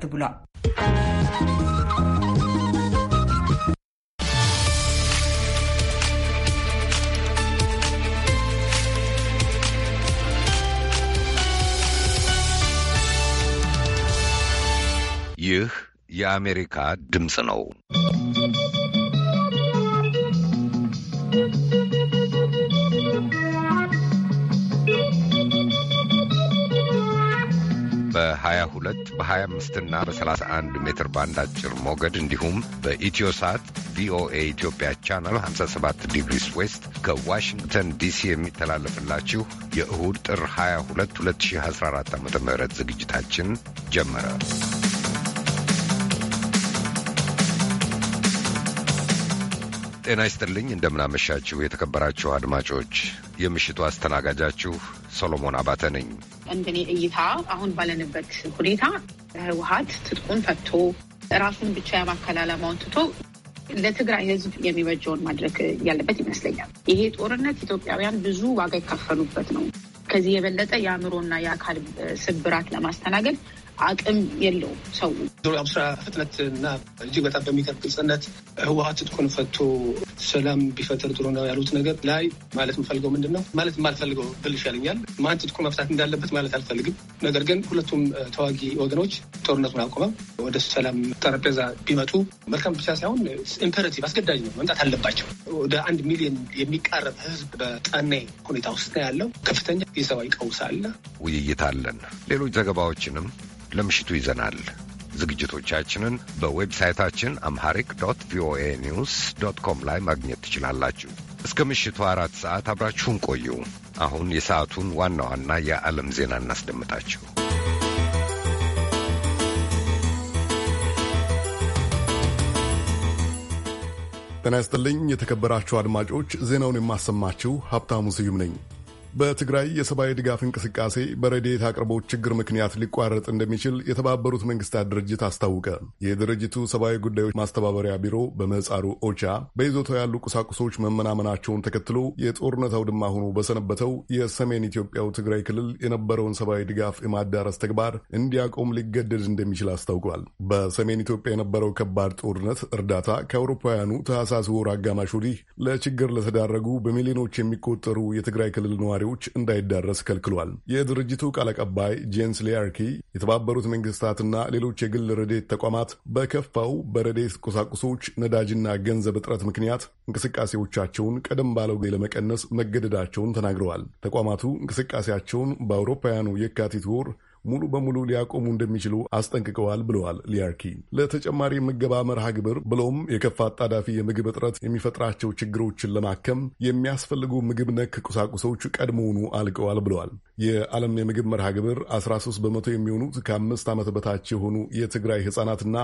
ቀጥ ብሏል። ይህ የአሜሪካ ድምፅ ነው። በ22 በ25 እና በ31 ሜትር ባንድ አጭር ሞገድ እንዲሁም በኢትዮሳት ቪኦኤ ኢትዮጵያ ቻናል 57 ዲግሪስ ዌስት ከዋሽንግተን ዲሲ የሚተላለፍላችሁ የእሁድ ጥር 22 2014 ዓ ም ዝግጅታችን ጀመረ። ጤና ይስጥልኝ። እንደምናመሻችሁ የተከበራችሁ አድማጮች፣ የምሽቱ አስተናጋጃችሁ ሰሎሞን አባተ ነኝ። እንደኔ እይታ አሁን ባለንበት ሁኔታ ህወሀት ትጥቁን ፈቶ ራሱን ብቻ የማከል ዓላማውን ትቶ ለትግራይ ህዝብ የሚበጀውን ማድረግ ያለበት ይመስለኛል። ይሄ ጦርነት ኢትዮጵያውያን ብዙ ዋጋ የከፈሉበት ነው። ከዚህ የበለጠ የአእምሮና የአካል ስብራት ለማስተናገድ አቅም የለው ሰው ዙሪያም ስራ ፍጥነት እና እጅግ በጣም በሚገርም ግልጽነት ህወሀት ትጥቁን ፈቶ ሰላም ቢፈጥር ጥሩ ነው ያሉት ነገር ላይ ማለት የምፈልገው ምንድን ነው ማለት የማልፈልገው ብል ይሻለኛል። ማን ትጥቁን መፍታት እንዳለበት ማለት አልፈልግም። ነገር ግን ሁለቱም ተዋጊ ወገኖች ጦርነቱን አቁመው ወደ ሰላም ጠረጴዛ ቢመጡ መልካም ብቻ ሳይሆን ኢምፐረቲቭ አስገዳጅ ነው፣ መምጣት አለባቸው። ወደ አንድ ሚሊዮን የሚቃረብ ህዝብ በጠኔ ሁኔታ ውስጥ ያለው ከፍተኛ የሰብአዊ ቀውስ አለ። ውይይት አለን። ሌሎች ዘገባዎችንም ለምሽቱ ይዘናል። ዝግጅቶቻችንን በዌብሳይታችን አምሃሪክ ዶት ቪኦኤ ኒውስ ዶት ኮም ላይ ማግኘት ትችላላችሁ። እስከ ምሽቱ አራት ሰዓት አብራችሁን ቆዩ። አሁን የሰዓቱን ዋና ዋና የዓለም ዜና እናስደምጣችሁ። ጤና ይስጥልኝ የተከበራችሁ አድማጮች፣ ዜናውን የማሰማችሁ ሀብታሙ ስዩም ነኝ። በትግራይ የሰብአዊ ድጋፍ እንቅስቃሴ በረድኤት አቅርቦት ችግር ምክንያት ሊቋረጥ እንደሚችል የተባበሩት መንግስታት ድርጅት አስታወቀ። የድርጅቱ ሰብአዊ ጉዳዮች ማስተባበሪያ ቢሮ በምህጻሩ ኦቻ በይዞታው ያሉ ቁሳቁሶች መመናመናቸውን ተከትሎ የጦርነት አውድማ ሆኖ በሰነበተው የሰሜን ኢትዮጵያው ትግራይ ክልል የነበረውን ሰብአዊ ድጋፍ የማዳረስ ተግባር እንዲያቆም ሊገደድ እንደሚችል አስታውቋል። በሰሜን ኢትዮጵያ የነበረው ከባድ ጦርነት እርዳታ ከአውሮፓውያኑ ታህሳስ ወር አጋማሽ ወዲህ ለችግር ለተዳረጉ በሚሊዮኖች የሚቆጠሩ የትግራይ ክልል ነዋሪ ተማሪዎች እንዳይዳረስ ከልክሏል። የድርጅቱ ቃል አቀባይ ጄንስ ሊያርኪ የተባበሩት መንግስታትና ሌሎች የግል ረዴት ተቋማት በከፋው በረዴት ቁሳቁሶች ነዳጅና ገንዘብ እጥረት ምክንያት እንቅስቃሴዎቻቸውን ቀደም ባለው ጊዜ ለመቀነስ መገደዳቸውን ተናግረዋል። ተቋማቱ እንቅስቃሴያቸውን በአውሮፓውያኑ የካቲት ወር ሙሉ በሙሉ ሊያቆሙ እንደሚችሉ አስጠንቅቀዋል ብለዋል። ሊያርኪ ለተጨማሪ ምገባ መርሃ ግብር ብሎም የከፋ አጣዳፊ የምግብ እጥረት የሚፈጥራቸው ችግሮችን ለማከም የሚያስፈልጉ ምግብ ነክ ቁሳቁሶች ቀድሞውኑ አልቀዋል ብለዋል። የዓለም የምግብ መርሃ ግብር 13 በመቶ የሚሆኑት ከአምስት ዓመት በታች የሆኑ የትግራይ ሕጻናትና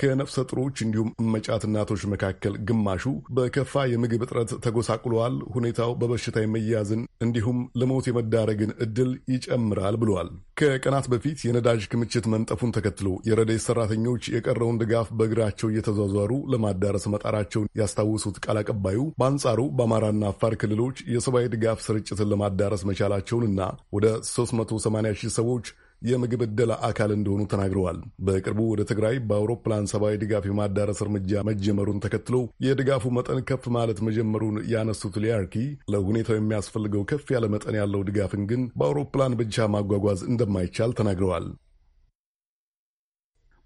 ከነፍሰ ጥሮች እንዲሁም እመጫት እናቶች መካከል ግማሹ በከፋ የምግብ እጥረት ተጎሳቁለዋል። ሁኔታው በበሽታ የመያዝን እንዲሁም ለሞት የመዳረግን እድል ይጨምራል ብለዋል። ከቀናት በፊት የነዳጅ ክምችት መንጠፉን ተከትሎ የረድኤት ሰራተኞች የቀረውን ድጋፍ በእግራቸው እየተዟዟሩ ለማዳረስ መጣራቸውን ያስታወሱት ቃል አቀባዩ በአንጻሩ በአማራና አፋር ክልሎች የሰብአዊ ድጋፍ ስርጭትን ለማዳረስ መቻላቸውንና ወደ 380 ሺህ ሰዎች የምግብ እደላ አካል እንደሆኑ ተናግረዋል። በቅርቡ ወደ ትግራይ በአውሮፕላን ሰብአዊ ድጋፍ የማዳረስ እርምጃ መጀመሩን ተከትሎ የድጋፉ መጠን ከፍ ማለት መጀመሩን ያነሱት ሊያርኪ ለሁኔታው የሚያስፈልገው ከፍ ያለ መጠን ያለው ድጋፍን ግን በአውሮፕላን ብቻ ማጓጓዝ እንደማይቻል ተናግረዋል።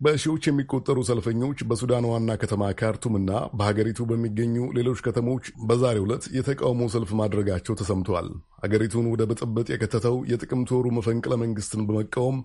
በሺዎች የሚቆጠሩ ሰልፈኞች በሱዳን ዋና ከተማ ካርቱም እና በሀገሪቱ በሚገኙ ሌሎች ከተሞች በዛሬው ዕለት የተቃውሞ ሰልፍ ማድረጋቸው ተሰምተዋል። ሀገሪቱን ወደ ብጥብጥ የከተተው የጥቅምት ወሩ መፈንቅለ መንግስትን በመቃወም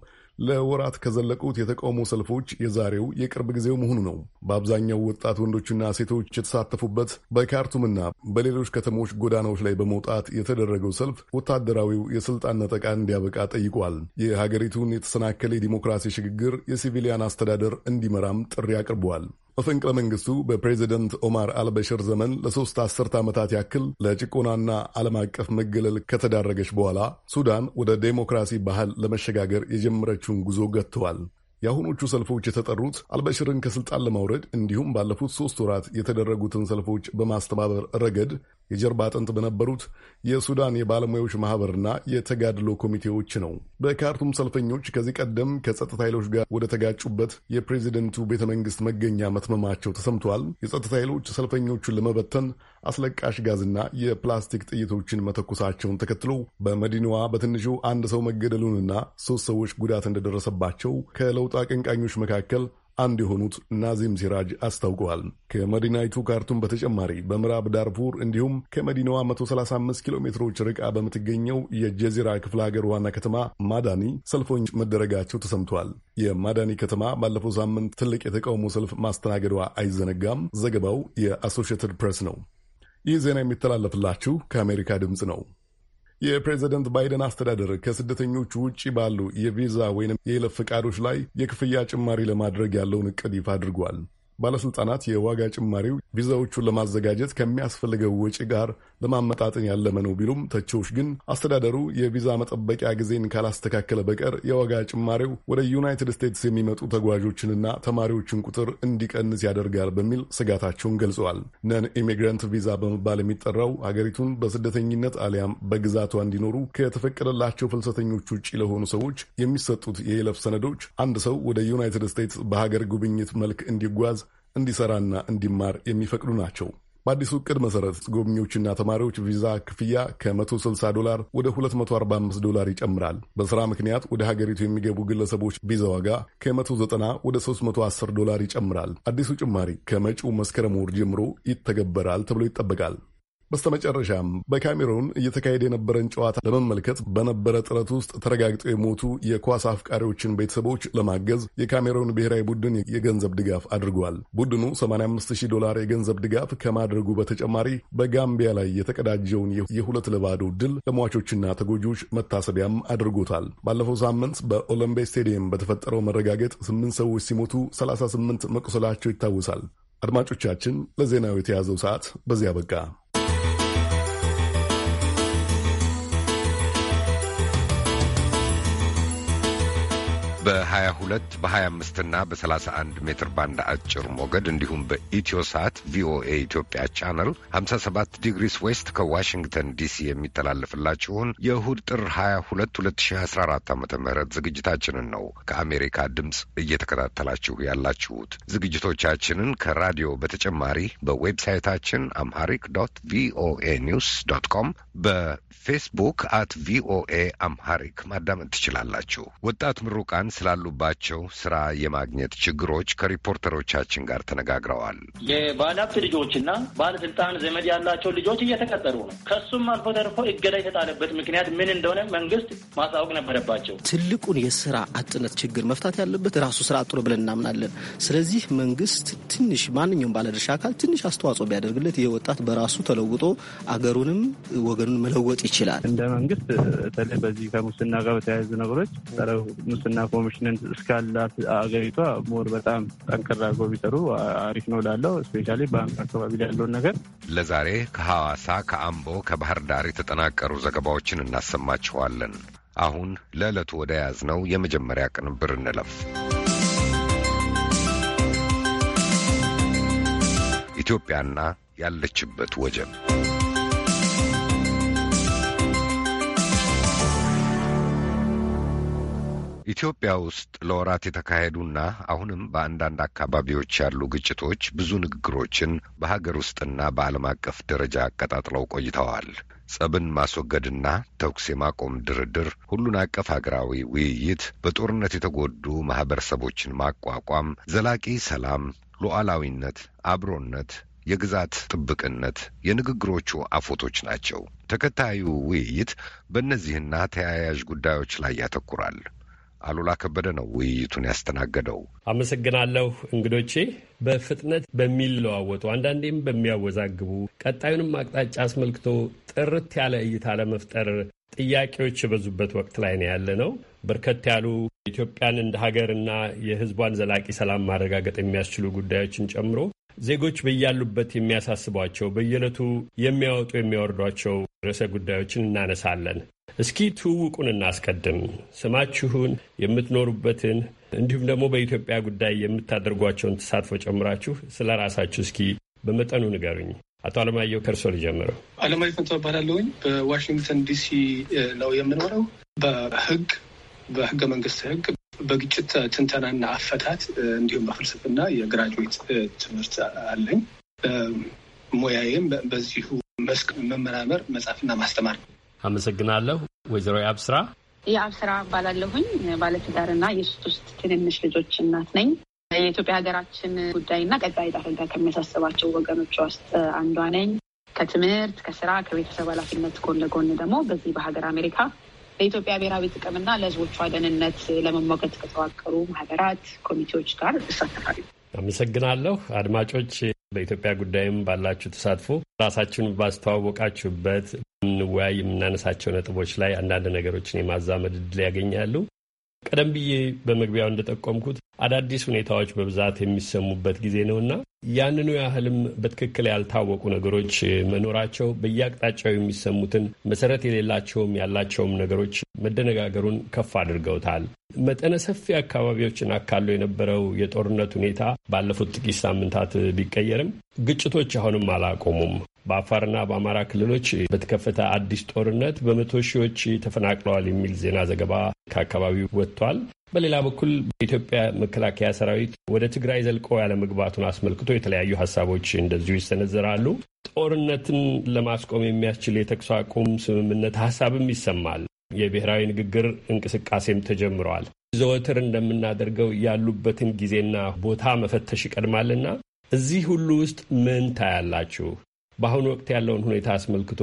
ለወራት ከዘለቁት የተቃውሞ ሰልፎች የዛሬው የቅርብ ጊዜው መሆኑ ነው። በአብዛኛው ወጣት ወንዶችና ሴቶች የተሳተፉበት በካርቱምና በሌሎች ከተሞች ጎዳናዎች ላይ በመውጣት የተደረገው ሰልፍ ወታደራዊው የስልጣን ነጠቃ እንዲያበቃ ጠይቋል። የሀገሪቱን የተሰናከለ የዲሞክራሲ ሽግግር የሲቪሊያን አስተዳደር እንዲመራም ጥሪ አቅርበዋል። መፈንቅለ መንግስቱ በፕሬዚደንት ኦማር አልበሽር ዘመን ለሶስት አስርት ዓመታት ያክል ለጭቆናና ዓለም አቀፍ መገለል ከተዳረገች በኋላ ሱዳን ወደ ዴሞክራሲ ባህል ለመሸጋገር የጀመረችውን ጉዞ ገጥተዋል። የአሁኖቹ ሰልፎች የተጠሩት አልበሽርን ከስልጣን ለማውረድ እንዲሁም ባለፉት ሶስት ወራት የተደረጉትን ሰልፎች በማስተባበር ረገድ የጀርባ አጥንት በነበሩት የሱዳን የባለሙያዎች ማህበርና የተጋድሎ ኮሚቴዎች ነው። በካርቱም ሰልፈኞች ከዚህ ቀደም ከጸጥታ ኃይሎች ጋር ወደ ተጋጩበት የፕሬዚደንቱ ቤተ መንግስት መገኛ መትመማቸው ተሰምቷል። የጸጥታ ኃይሎች ሰልፈኞቹን ለመበተን አስለቃሽ ጋዝና የፕላስቲክ ጥይቶችን መተኮሳቸውን ተከትሎ በመዲናዋ በትንሹ አንድ ሰው መገደሉንና ሶስት ሰዎች ጉዳት እንደደረሰባቸው ከለውጥ አቀንቃኞች መካከል አንድ የሆኑት ናዚም ሲራጅ አስታውቀዋል። ከመዲናይቱ ካርቱም በተጨማሪ በምዕራብ ዳርፉር እንዲሁም ከመዲናዋ 135 ኪሎ ሜትሮች ርቃ በምትገኘው የጀዚራ ክፍለ ሀገር ዋና ከተማ ማዳኒ ሰልፎች መደረጋቸው ተሰምተዋል። የማዳኒ ከተማ ባለፈው ሳምንት ትልቅ የተቃውሞ ሰልፍ ማስተናገዷ አይዘነጋም። ዘገባው የአሶሺየትድ ፕሬስ ነው። ይህ ዜና የሚተላለፍላችሁ ከአሜሪካ ድምፅ ነው። የፕሬዚደንት ባይደን አስተዳደር ከስደተኞቹ ውጭ ባሉ የቪዛ ወይም የይለፍ ፈቃዶች ላይ የክፍያ ጭማሪ ለማድረግ ያለውን እቅድ ይፋ አድርጓል። ባለሥልጣናት የዋጋ ጭማሪው ቪዛዎቹን ለማዘጋጀት ከሚያስፈልገው ወጪ ጋር ለማመጣጠን ያለመ ነው ቢሉም ተቺዎች ግን አስተዳደሩ የቪዛ መጠበቂያ ጊዜን ካላስተካከለ በቀር የዋጋ ጭማሪው ወደ ዩናይትድ ስቴትስ የሚመጡ ተጓዦችንና ተማሪዎችን ቁጥር እንዲቀንስ ያደርጋል በሚል ስጋታቸውን ገልጸዋል። ነን ኢሚግራንት ቪዛ በመባል የሚጠራው ሀገሪቱን በስደተኝነት አሊያም በግዛቷ እንዲኖሩ ከተፈቀደላቸው ፍልሰተኞች ውጭ ለሆኑ ሰዎች የሚሰጡት የይለፍ ሰነዶች አንድ ሰው ወደ ዩናይትድ ስቴትስ በሀገር ጉብኝት መልክ እንዲጓዝ እንዲሰራና እንዲማር የሚፈቅዱ ናቸው። በአዲሱ እቅድ መሰረት ጎብኚዎችና ተማሪዎች ቪዛ ክፍያ ከ160 ዶላር ወደ 245 ዶላር ይጨምራል። በስራ ምክንያት ወደ ሀገሪቱ የሚገቡ ግለሰቦች ቪዛ ዋጋ ከ190 ወደ 310 ዶላር ይጨምራል። አዲሱ ጭማሪ ከመጪው መስከረም ወር ጀምሮ ይተገበራል ተብሎ ይጠበቃል። በስተመጨረሻም በካሜሮን እየተካሄደ የነበረን ጨዋታ ለመመልከት በነበረ ጥረት ውስጥ ተረጋግጠው የሞቱ የኳስ አፍቃሪዎችን ቤተሰቦች ለማገዝ የካሜሮን ብሔራዊ ቡድን የገንዘብ ድጋፍ አድርጓል። ቡድኑ 850 ዶላር የገንዘብ ድጋፍ ከማድረጉ በተጨማሪ በጋምቢያ ላይ የተቀዳጀውን የሁለት ለባዶ ድል ለሟቾችና ተጎጂዎች መታሰቢያም አድርጎታል። ባለፈው ሳምንት በኦሎምቤ ስቴዲየም በተፈጠረው መረጋገጥ ስምንት ሰዎች ሲሞቱ 38 መቁሰላቸው ይታወሳል። አድማጮቻችን፣ ለዜናው የተያዘው ሰዓት በዚያ በቃ። በ22 በ25 እና በ31 ሜትር ባንድ አጭር ሞገድ እንዲሁም በኢትዮሳት ቪኦኤ ኢትዮጵያ ቻናል 57 ዲግሪስ ዌስት ከዋሽንግተን ዲሲ የሚተላለፍላችሁን የእሁድ ጥር 22 2014 ዓ ም ዝግጅታችንን ነው ከአሜሪካ ድምፅ እየተከታተላችሁ ያላችሁት። ዝግጅቶቻችንን ከራዲዮ በተጨማሪ በዌብሳይታችን አምሃሪክ ዶት ቪኦኤ ኒውስ ዶት ኮም በፌስቡክ አት ቪኦኤ አምሃሪክ ማዳመጥ ትችላላችሁ። ወጣት ምሩቃን ስላሉባቸው ስራ የማግኘት ችግሮች ከሪፖርተሮቻችን ጋር ተነጋግረዋል። የባለሀብት ልጆችና ባለስልጣን ዘመድ ያላቸው ልጆች እየተቀጠሩ ነው። ከሱም አልፎ ተርፎ እገዳ የተጣለበት ምክንያት ምን እንደሆነ መንግስት ማሳወቅ ነበረባቸው። ትልቁን የስራ አጥነት ችግር መፍታት ያለበት ራሱ ስራ አጥሮ ብለን እናምናለን። ስለዚህ መንግስት ትንሽ ማንኛውም ባለድርሻ አካል ትንሽ አስተዋጽኦ ቢያደርግለት ይህ ወጣት በራሱ ተለውጦ አገሩንም ወገኑን መለወጥ ይችላል። እንደ መንግስት በተለይ በዚህ ከሙስና ጋር በተያያዙ ነገሮች ሙስና ኮሚሽንን እስካላት አገሪቷ ሞር በጣም ጠንከራ አድርጎ ቢጠሩ አሪፍ ነው ላለው እስፔሻሊ በአንድ አካባቢ ላይ ያለውን ነገር ለዛሬ ከሐዋሳ፣ ከአምቦ፣ ከባህር ዳር የተጠናቀሩ ዘገባዎችን እናሰማችኋለን። አሁን ለዕለቱ ወደ ያዝነው የመጀመሪያ ቅንብር እንለፍ። ኢትዮጵያና ያለችበት ወጀብ ኢትዮጵያ ውስጥ ለወራት የተካሄዱና አሁንም በአንዳንድ አካባቢዎች ያሉ ግጭቶች ብዙ ንግግሮችን በሀገር ውስጥና በዓለም አቀፍ ደረጃ አቀጣጥለው ቆይተዋል። ጸብን ማስወገድና ተኩስ የማቆም ድርድር፣ ሁሉን አቀፍ ሀገራዊ ውይይት፣ በጦርነት የተጎዱ ማህበረሰቦችን ማቋቋም፣ ዘላቂ ሰላም፣ ሉዓላዊነት፣ አብሮነት የግዛት ጥብቅነት የንግግሮቹ አፎቶች ናቸው። ተከታዩ ውይይት በእነዚህና ተያያዥ ጉዳዮች ላይ ያተኩራል። አሉላ ከበደ ነው ውይይቱን ያስተናገደው። አመሰግናለሁ እንግዶቼ። በፍጥነት በሚለዋወጡ አንዳንዴም በሚያወዛግቡ ቀጣዩንም አቅጣጫ አስመልክቶ ጥርት ያለ እይታ ለመፍጠር ጥያቄዎች የበዙበት ወቅት ላይ ነው ያለ ነው። በርከት ያሉ ኢትዮጵያን እንደ ሀገርና የሕዝቧን ዘላቂ ሰላም ማረጋገጥ የሚያስችሉ ጉዳዮችን ጨምሮ ዜጎች በያሉበት የሚያሳስቧቸው በየዕለቱ የሚያወጡ የሚያወርዷቸው ርዕሰ ጉዳዮችን እናነሳለን። እስኪ ትውውቁን እናስቀድም። ስማችሁን፣ የምትኖሩበትን እንዲሁም ደግሞ በኢትዮጵያ ጉዳይ የምታደርጓቸውን ተሳትፎ ጨምራችሁ ስለ ራሳችሁ እስኪ በመጠኑ ንገሩኝ። አቶ አለማየሁ ከእርሶ ልጀምረው። አለማየሁ ከንቶ እባላለሁኝ። በዋሽንግተን ዲሲ ነው የምኖረው። በህግ በህገ መንግስት ህግ በግጭት ትንተናና አፈታት እንዲሁም በፍልስፍና የግራጁዌት ትምህርት አለኝ። ሙያዬም በዚሁ መስክ መመራመር መጻፍና ማስተማር ነው። አመሰግናለሁ። ወይዘሮ የአብስራ የአብስራ እባላለሁኝ ባለትዳርና የሶስት ትንንሽ ልጆች እናት ነኝ። የኢትዮጵያ ሀገራችን ጉዳይና ቀጣይ ዕጣ ፈንታ ከሚያሳስባቸው ወገኖች ውስጥ አንዷ ነኝ። ከትምህርት ከስራ፣ ከቤተሰብ ኃላፊነት ጎን ለጎን ደግሞ በዚህ በሀገር አሜሪካ ለኢትዮጵያ ብሔራዊ ጥቅምና ለሕዝቦቿ ደህንነት ለመሟገት ከተዋቀሩ ማህበራት፣ ኮሚቴዎች ጋር እሳተፋለሁ። አመሰግናለሁ። አድማጮች በኢትዮጵያ ጉዳይም ባላችሁ ተሳትፎ ራሳችሁን ባስተዋወቃችሁበት እንወያይ የምናነሳቸው ነጥቦች ላይ አንዳንድ ነገሮችን የማዛመድ እድል ያገኛሉ። ቀደም ብዬ በመግቢያው እንደጠቆምኩት አዳዲስ ሁኔታዎች በብዛት የሚሰሙበት ጊዜ ነውና ያንኑ ያህልም በትክክል ያልታወቁ ነገሮች መኖራቸው በየአቅጣጫው የሚሰሙትን መሰረት የሌላቸውም ያላቸውም ነገሮች መደነጋገሩን ከፍ አድርገውታል። መጠነ ሰፊ አካባቢዎችን አካሎ የነበረው የጦርነት ሁኔታ ባለፉት ጥቂት ሳምንታት ቢቀየርም ግጭቶች አሁንም አላቆሙም። በአፋርና በአማራ ክልሎች በተከፈተ አዲስ ጦርነት በመቶ ሺዎች ተፈናቅለዋል የሚል ዜና ዘገባ ከአካባቢው ወጥቷል። በሌላ በኩል በኢትዮጵያ መከላከያ ሰራዊት ወደ ትግራይ ዘልቆ ያለመግባቱን አስመልክቶ የተለያዩ ሀሳቦች እንደዚሁ ይሰነዘራሉ። ጦርነትን ለማስቆም የሚያስችል የተኩስ አቁም ስምምነት ሀሳብም ይሰማል። የብሔራዊ ንግግር እንቅስቃሴም ተጀምረዋል። ዘወትር እንደምናደርገው ያሉበትን ጊዜና ቦታ መፈተሽ ይቀድማልና እዚህ ሁሉ ውስጥ ምን ታያላችሁ? በአሁኑ ወቅት ያለውን ሁኔታ አስመልክቶ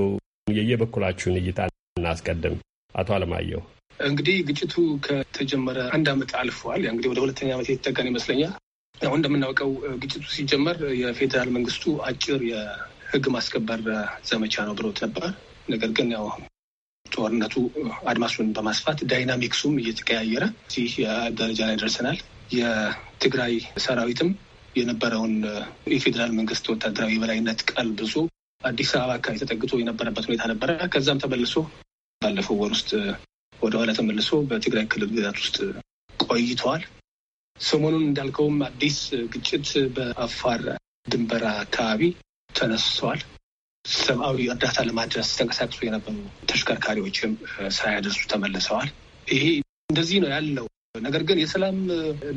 የየበኩላችሁን እይታ እናስቀድም። አቶ አለማየሁ እንግዲህ ግጭቱ ከተጀመረ አንድ ዓመት አልፏል። እንግዲህ ወደ ሁለተኛ ዓመት የተጠጋን ይመስለኛል። ያው እንደምናውቀው ግጭቱ ሲጀመር የፌዴራል መንግስቱ አጭር የህግ ማስከበር ዘመቻ ነው ብሎት ነበር። ነገር ግን ያው ጦርነቱ አድማሱን በማስፋት ዳይናሚክሱም እየተቀያየረ እዚህ ደረጃ ላይ ደርሰናል። የትግራይ ሰራዊትም የነበረውን የፌዴራል መንግስት ወታደራዊ የበላይነት ቀልብሶ አዲስ አበባ አካባቢ ተጠግቶ የነበረበት ሁኔታ ነበረ። ከዛም ተመልሶ ባለፈው ወር ውስጥ ወደኋላ ተመልሶ በትግራይ ክልል ግዛት ውስጥ ቆይተዋል። ሰሞኑን እንዳልከውም አዲስ ግጭት በአፋር ድንበር አካባቢ ተነስቷል። ሰብአዊ እርዳታ ለማድረስ ተንቀሳቅሶ የነበሩ ተሽከርካሪዎችም ሳያደርሱ ተመልሰዋል። ይሄ እንደዚህ ነው ያለው ነገር ግን የሰላም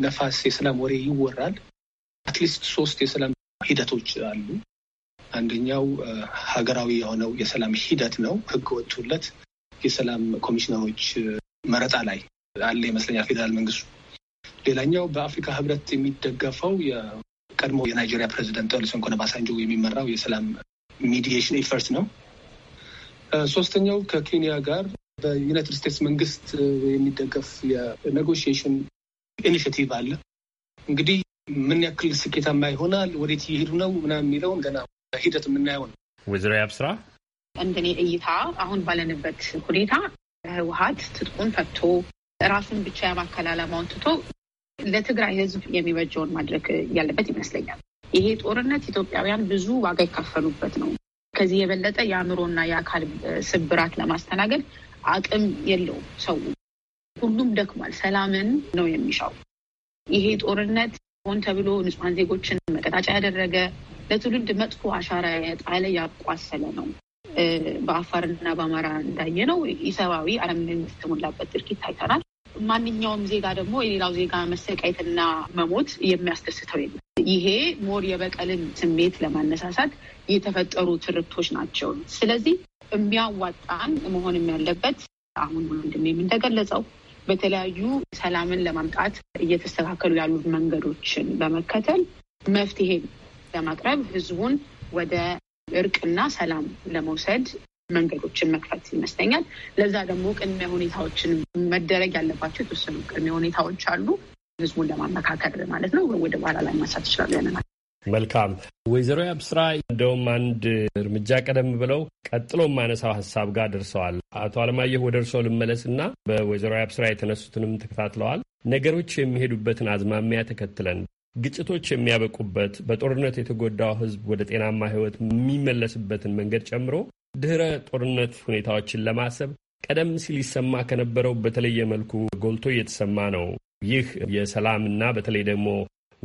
ነፋስ የሰላም ወሬ ይወራል። አትሊስት ሶስት የሰላም ሂደቶች አሉ። አንደኛው ሀገራዊ የሆነው የሰላም ሂደት ነው። ህግ ወጥቶለት የሰላም ኮሚሽነሮች መረጣ ላይ አለ ይመስለኛል ፌዴራል መንግስቱ። ሌላኛው በአፍሪካ ህብረት የሚደገፈው የቀድሞ የናይጄሪያ ፕሬዚደንት ኦሉሴጉን ኦባሳንጆ የሚመራው የሰላም ሚዲየሽን ኤፈርት ነው። ሶስተኛው ከኬንያ ጋር በዩናይትድ ስቴትስ መንግስት የሚደገፍ የኔጎሽሽን ኢኒሽቲቭ አለ። እንግዲህ ምን ያክል ስኬታማ ይሆናል፣ ወዴት እየሄዱ ነው ምናምን የሚለውን ገና ሂደት የምናየው ነው። ወይዘሮ ያብስራ፣ እንደኔ እይታ አሁን ባለንበት ሁኔታ ህወሀት ትጥቁን ፈቶ ራሱን ብቻ የማከል ዓላማውን ትቶ ለትግራይ ህዝብ የሚበጀውን ማድረግ ያለበት ይመስለኛል። ይሄ ጦርነት ኢትዮጵያውያን ብዙ ዋጋ ይካፈሉበት ነው። ከዚህ የበለጠ የአእምሮና የአካል ስብራት ለማስተናገድ አቅም የለውም። ሰው ሁሉም ደክሟል። ሰላምን ነው የሚሻው። ይሄ ጦርነት ሆን ተብሎ ንጹሐን ዜጎችን መቀጣጫ ያደረገ ለትውልድ መጥፎ አሻራ የጣለ ያቋሰለ ነው። በአፋርና በአማራ እንዳየ ነው ኢሰብአዊ አለምነት የተሞላበት ድርጊት ታይተናል። ማንኛውም ዜጋ ደግሞ የሌላው ዜጋ መሰቃየትና መሞት የሚያስደስተው የለም። ይሄ ሞር የበቀልን ስሜት ለማነሳሳት የተፈጠሩ ትርክቶች ናቸው። ስለዚህ የሚያዋጣን መሆንም ያለበት አሁን ወንድሜም እንደገለጸው በተለያዩ ሰላምን ለማምጣት እየተስተካከሉ ያሉ መንገዶችን በመከተል መፍትሄ ለማቅረብ ህዝቡን ወደ እርቅና ሰላም ለመውሰድ መንገዶችን መክፈት ይመስለኛል። ለዛ ደግሞ ቅድሚያ ሁኔታዎችን መደረግ ያለባቸው የተወሰኑ ቅድሚያ ሁኔታዎች አሉ። ህዝቡን ለማመካከል ማለት ነው። ወደ በኋላ ላይ ማንሳት ይችላሉ ያንናል መልካም ወይዘሮ ያብስራ እንደውም አንድ እርምጃ ቀደም ብለው ቀጥሎ የማነሳው ሀሳብ ጋር ደርሰዋል። አቶ አለማየሁ ወደ እርስዎ ልመለስና በወይዘሮ ያብስራ የተነሱትንም ተከታትለዋል። ነገሮች የሚሄዱበትን አዝማሚያ ተከትለን ግጭቶች የሚያበቁበት በጦርነት የተጎዳው ሕዝብ ወደ ጤናማ ሕይወት የሚመለስበትን መንገድ ጨምሮ ድህረ ጦርነት ሁኔታዎችን ለማሰብ ቀደም ሲል ይሰማ ከነበረው በተለየ መልኩ ጎልቶ እየተሰማ ነው። ይህ የሰላምና በተለይ ደግሞ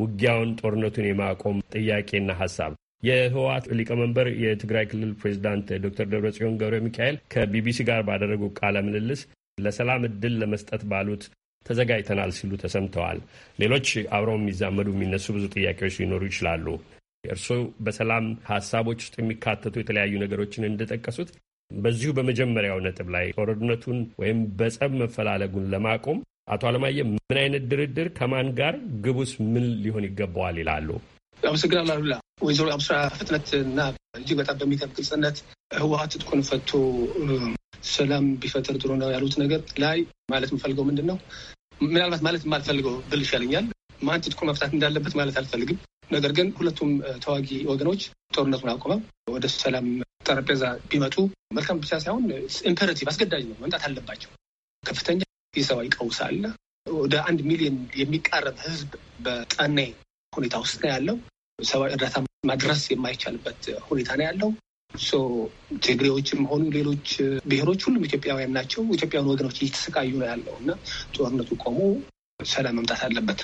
ውጊያውን፣ ጦርነቱን የማቆም ጥያቄና ሀሳብ የህወሓት ሊቀመንበር የትግራይ ክልል ፕሬዚዳንት ዶክተር ደብረጽዮን ገብረ ሚካኤል ከቢቢሲ ጋር ባደረጉ ቃለ ምልልስ ለሰላም እድል ለመስጠት ባሉት ተዘጋጅተናል ሲሉ ተሰምተዋል። ሌሎች አብረው የሚዛመዱ የሚነሱ ብዙ ጥያቄዎች ሊኖሩ ይችላሉ። እርስዎ በሰላም ሀሳቦች ውስጥ የሚካተቱ የተለያዩ ነገሮችን እንደጠቀሱት በዚሁ በመጀመሪያው ነጥብ ላይ ጦርነቱን ወይም በጸብ መፈላለጉን ለማቆም አቶ አለማየሁ ምን አይነት ድርድር ከማን ጋር ግቡስ ምን ሊሆን ይገባዋል ይላሉ? አመሰግናለሁ አሉላ። ወይዘሮ አብስራ እና እጅግ በጣም በሚገርም ግልጽነት ህወሀት ትጥቁን ፈቶ ሰላም ቢፈጥር ጥሩ ነው ያሉት ነገር ላይ ማለት የምፈልገው ምንድን ነው? ምናልባት ማለት የማልፈልገው ብል ይሻለኛል። ማን ትጥቁን መፍታት እንዳለበት ማለት አልፈልግም። ነገር ግን ሁለቱም ተዋጊ ወገኖች ጦርነቱን አቁመው ወደ ሰላም ጠረጴዛ ቢመጡ መልካም ብቻ ሳይሆን ኢምፐረቲቭ አስገዳጅ ነው፣ መምጣት አለባቸው። ከፍተኛ የሰብአዊ ቀውስ አለ። ወደ አንድ ሚሊዮን የሚቃረብ ህዝብ በጠኔ ሁኔታ ውስጥ ነው ያለው። ሰብአዊ እርዳታ ማድረስ የማይቻልበት ሁኔታ ነው ያለው። ትግሬዎችም ሆኑ ሌሎች ብሔሮች ሁሉም ኢትዮጵያውያን ናቸው። ኢትዮጵያውያን ወገኖች እየተሰቃዩ ነው ያለው እና ጦርነቱ ቆሞ ሰላም መምጣት አለበት።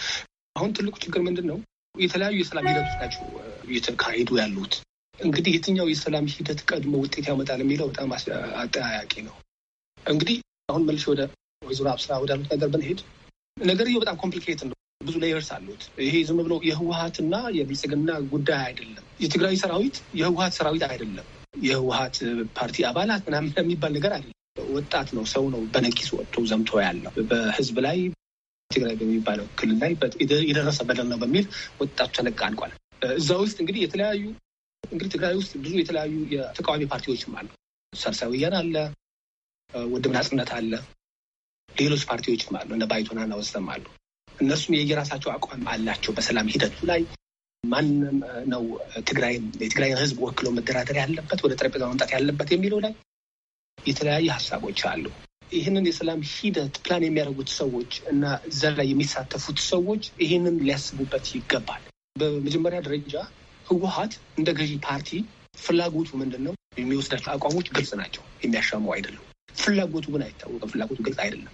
አሁን ትልቁ ችግር ምንድን ነው? የተለያዩ የሰላም ሂደቶች ናቸው እየተካሄዱ ያሉት። እንግዲህ የትኛው የሰላም ሂደት ቀድሞ ውጤት ያመጣል የሚለው በጣም አጠያያቂ ነው። እንግዲህ አሁን መልሼ ወደ ወይዘሮ አብስራ ወዳሉት ነገር ብንሄድ ነገርየው በጣም ኮምፕሊኬት ነው። ብዙ ሌየርስ አሉት። ይሄ ዝም ብሎ የህወሀትና የብልጽግና ጉዳይ አይደለም። የትግራዊ ሰራዊት የህወሀት ሰራዊት አይደለም። የህወሀት ፓርቲ አባላት ምናምን የሚባል ነገር አይደለም። ወጣት ነው፣ ሰው ነው። በነቂስ ወጥቶ ዘምቶ ያለው በህዝብ ላይ ትግራይ በሚባለው ክልል ላይ የደረሰ በደል ነው በሚል ወጣቱ ተነቃ አልቋል። እዛ ውስጥ እንግዲህ የተለያዩ እንግዲህ ትግራይ ውስጥ ብዙ የተለያዩ የተቃዋሚ ፓርቲዎችም አሉ። ሳልሳይ አለ፣ ወድብ ናጽነት አለ፣ ሌሎች ፓርቲዎችም አሉ። እነ ባይቶናና ወሰም አሉ። እነሱም የየራሳቸው አቋም አላቸው። በሰላም ሂደቱ ላይ ማንም ነው ትግራይን የትግራይን ህዝብ ወክሎ መደራደር ያለበት ወደ ጠረጴዛ መምጣት ያለበት የሚለው ላይ የተለያዩ ሀሳቦች አሉ። ይህንን የሰላም ሂደት ፕላን የሚያደርጉት ሰዎች እና እዛ ላይ የሚሳተፉት ሰዎች ይህንን ሊያስቡበት ይገባል። በመጀመሪያ ደረጃ ህወሀት እንደ ገዢ ፓርቲ ፍላጎቱ ምንድን ነው? የሚወስዳቸው አቋሞች ግልጽ ናቸው፣ የሚያሻሙ አይደሉም። ፍላጎቱ ግን አይታወቅም። ፍላጎቱ ግልጽ አይደለም።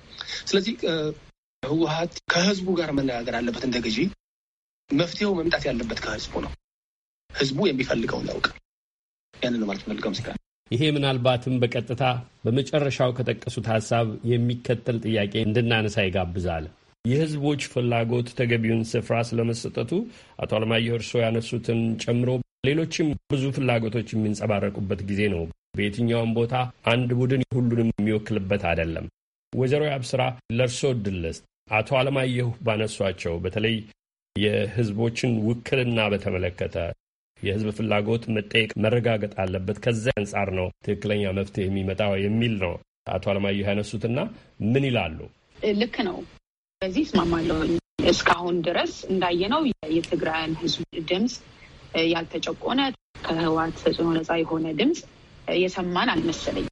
ስለዚህ ህወሀት ከህዝቡ ጋር መነጋገር አለበት። እንደ ገዢ መፍትሄው መምጣት ያለበት ከህዝቡ ነው። ህዝቡ የሚፈልገውን ያውቅ። ያንን ማለት ፈልገው ይሄ ምናልባትም በቀጥታ በመጨረሻው ከጠቀሱት ሀሳብ የሚከተል ጥያቄ እንድናነሳ ይጋብዛል። የህዝቦች ፍላጎት ተገቢውን ስፍራ ስለመሰጠቱ አቶ አለማየሁ እርስዎ ያነሱትን ጨምሮ ሌሎችም ብዙ ፍላጎቶች የሚንጸባረቁበት ጊዜ ነው። በየትኛውም ቦታ አንድ ቡድን ሁሉንም የሚወክልበት አይደለም። ወይዘሮ ያብስራ ለርሶ ድልስ አቶ አለማየሁ ባነሷቸው በተለይ የህዝቦችን ውክልና በተመለከተ የህዝብ ፍላጎት መጠየቅ መረጋገጥ አለበት፣ ከዚ አንጻር ነው ትክክለኛ መፍትሄ የሚመጣው የሚል ነው አቶ አለማየሁ ያነሱትና ምን ይላሉ? ልክ ነው። በዚህ እስማማለሁ። እስካሁን ድረስ እንዳየነው የትግራይን ህዝብ ድምፅ ያልተጨቆነ ከህወሓት ተጽዕኖ ነፃ የሆነ ድምፅ የሰማን አልመሰለኝ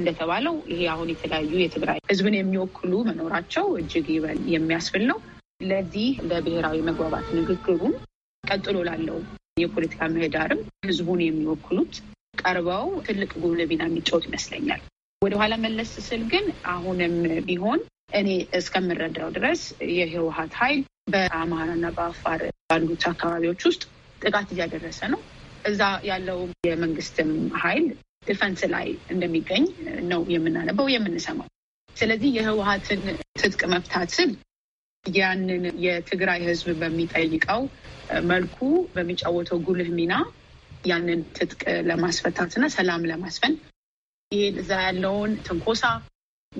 እንደተባለው ይሄ አሁን የተለያዩ የትግራይ ህዝብን የሚወክሉ መኖራቸው እጅግ ይበል የሚያስብል ነው። ለዚህ ለብሔራዊ መግባባት ንግግሩን ቀጥሎ ላለው የፖለቲካ ምህዳርም ህዝቡን የሚወክሉት ቀርበው ትልቅ ጉልህ ሚና የሚጫወት ይመስለኛል። ወደኋላ መለስ ስል ግን አሁንም ቢሆን እኔ እስከምረዳው ድረስ የህወሀት ኃይል በአማራና በአፋር ባሉት አካባቢዎች ውስጥ ጥቃት እያደረሰ ነው። እዛ ያለው የመንግስትም ኃይል ዲፈንስ ላይ እንደሚገኝ ነው የምናነበው የምንሰማው። ስለዚህ የህወሀትን ትጥቅ መፍታት ስል ያንን የትግራይ ህዝብ በሚጠይቀው መልኩ በሚጫወተው ጉልህ ሚና ያንን ትጥቅ ለማስፈታት ሰላም ለማስፈን ይሄ እዛ ያለውን ትንኮሳ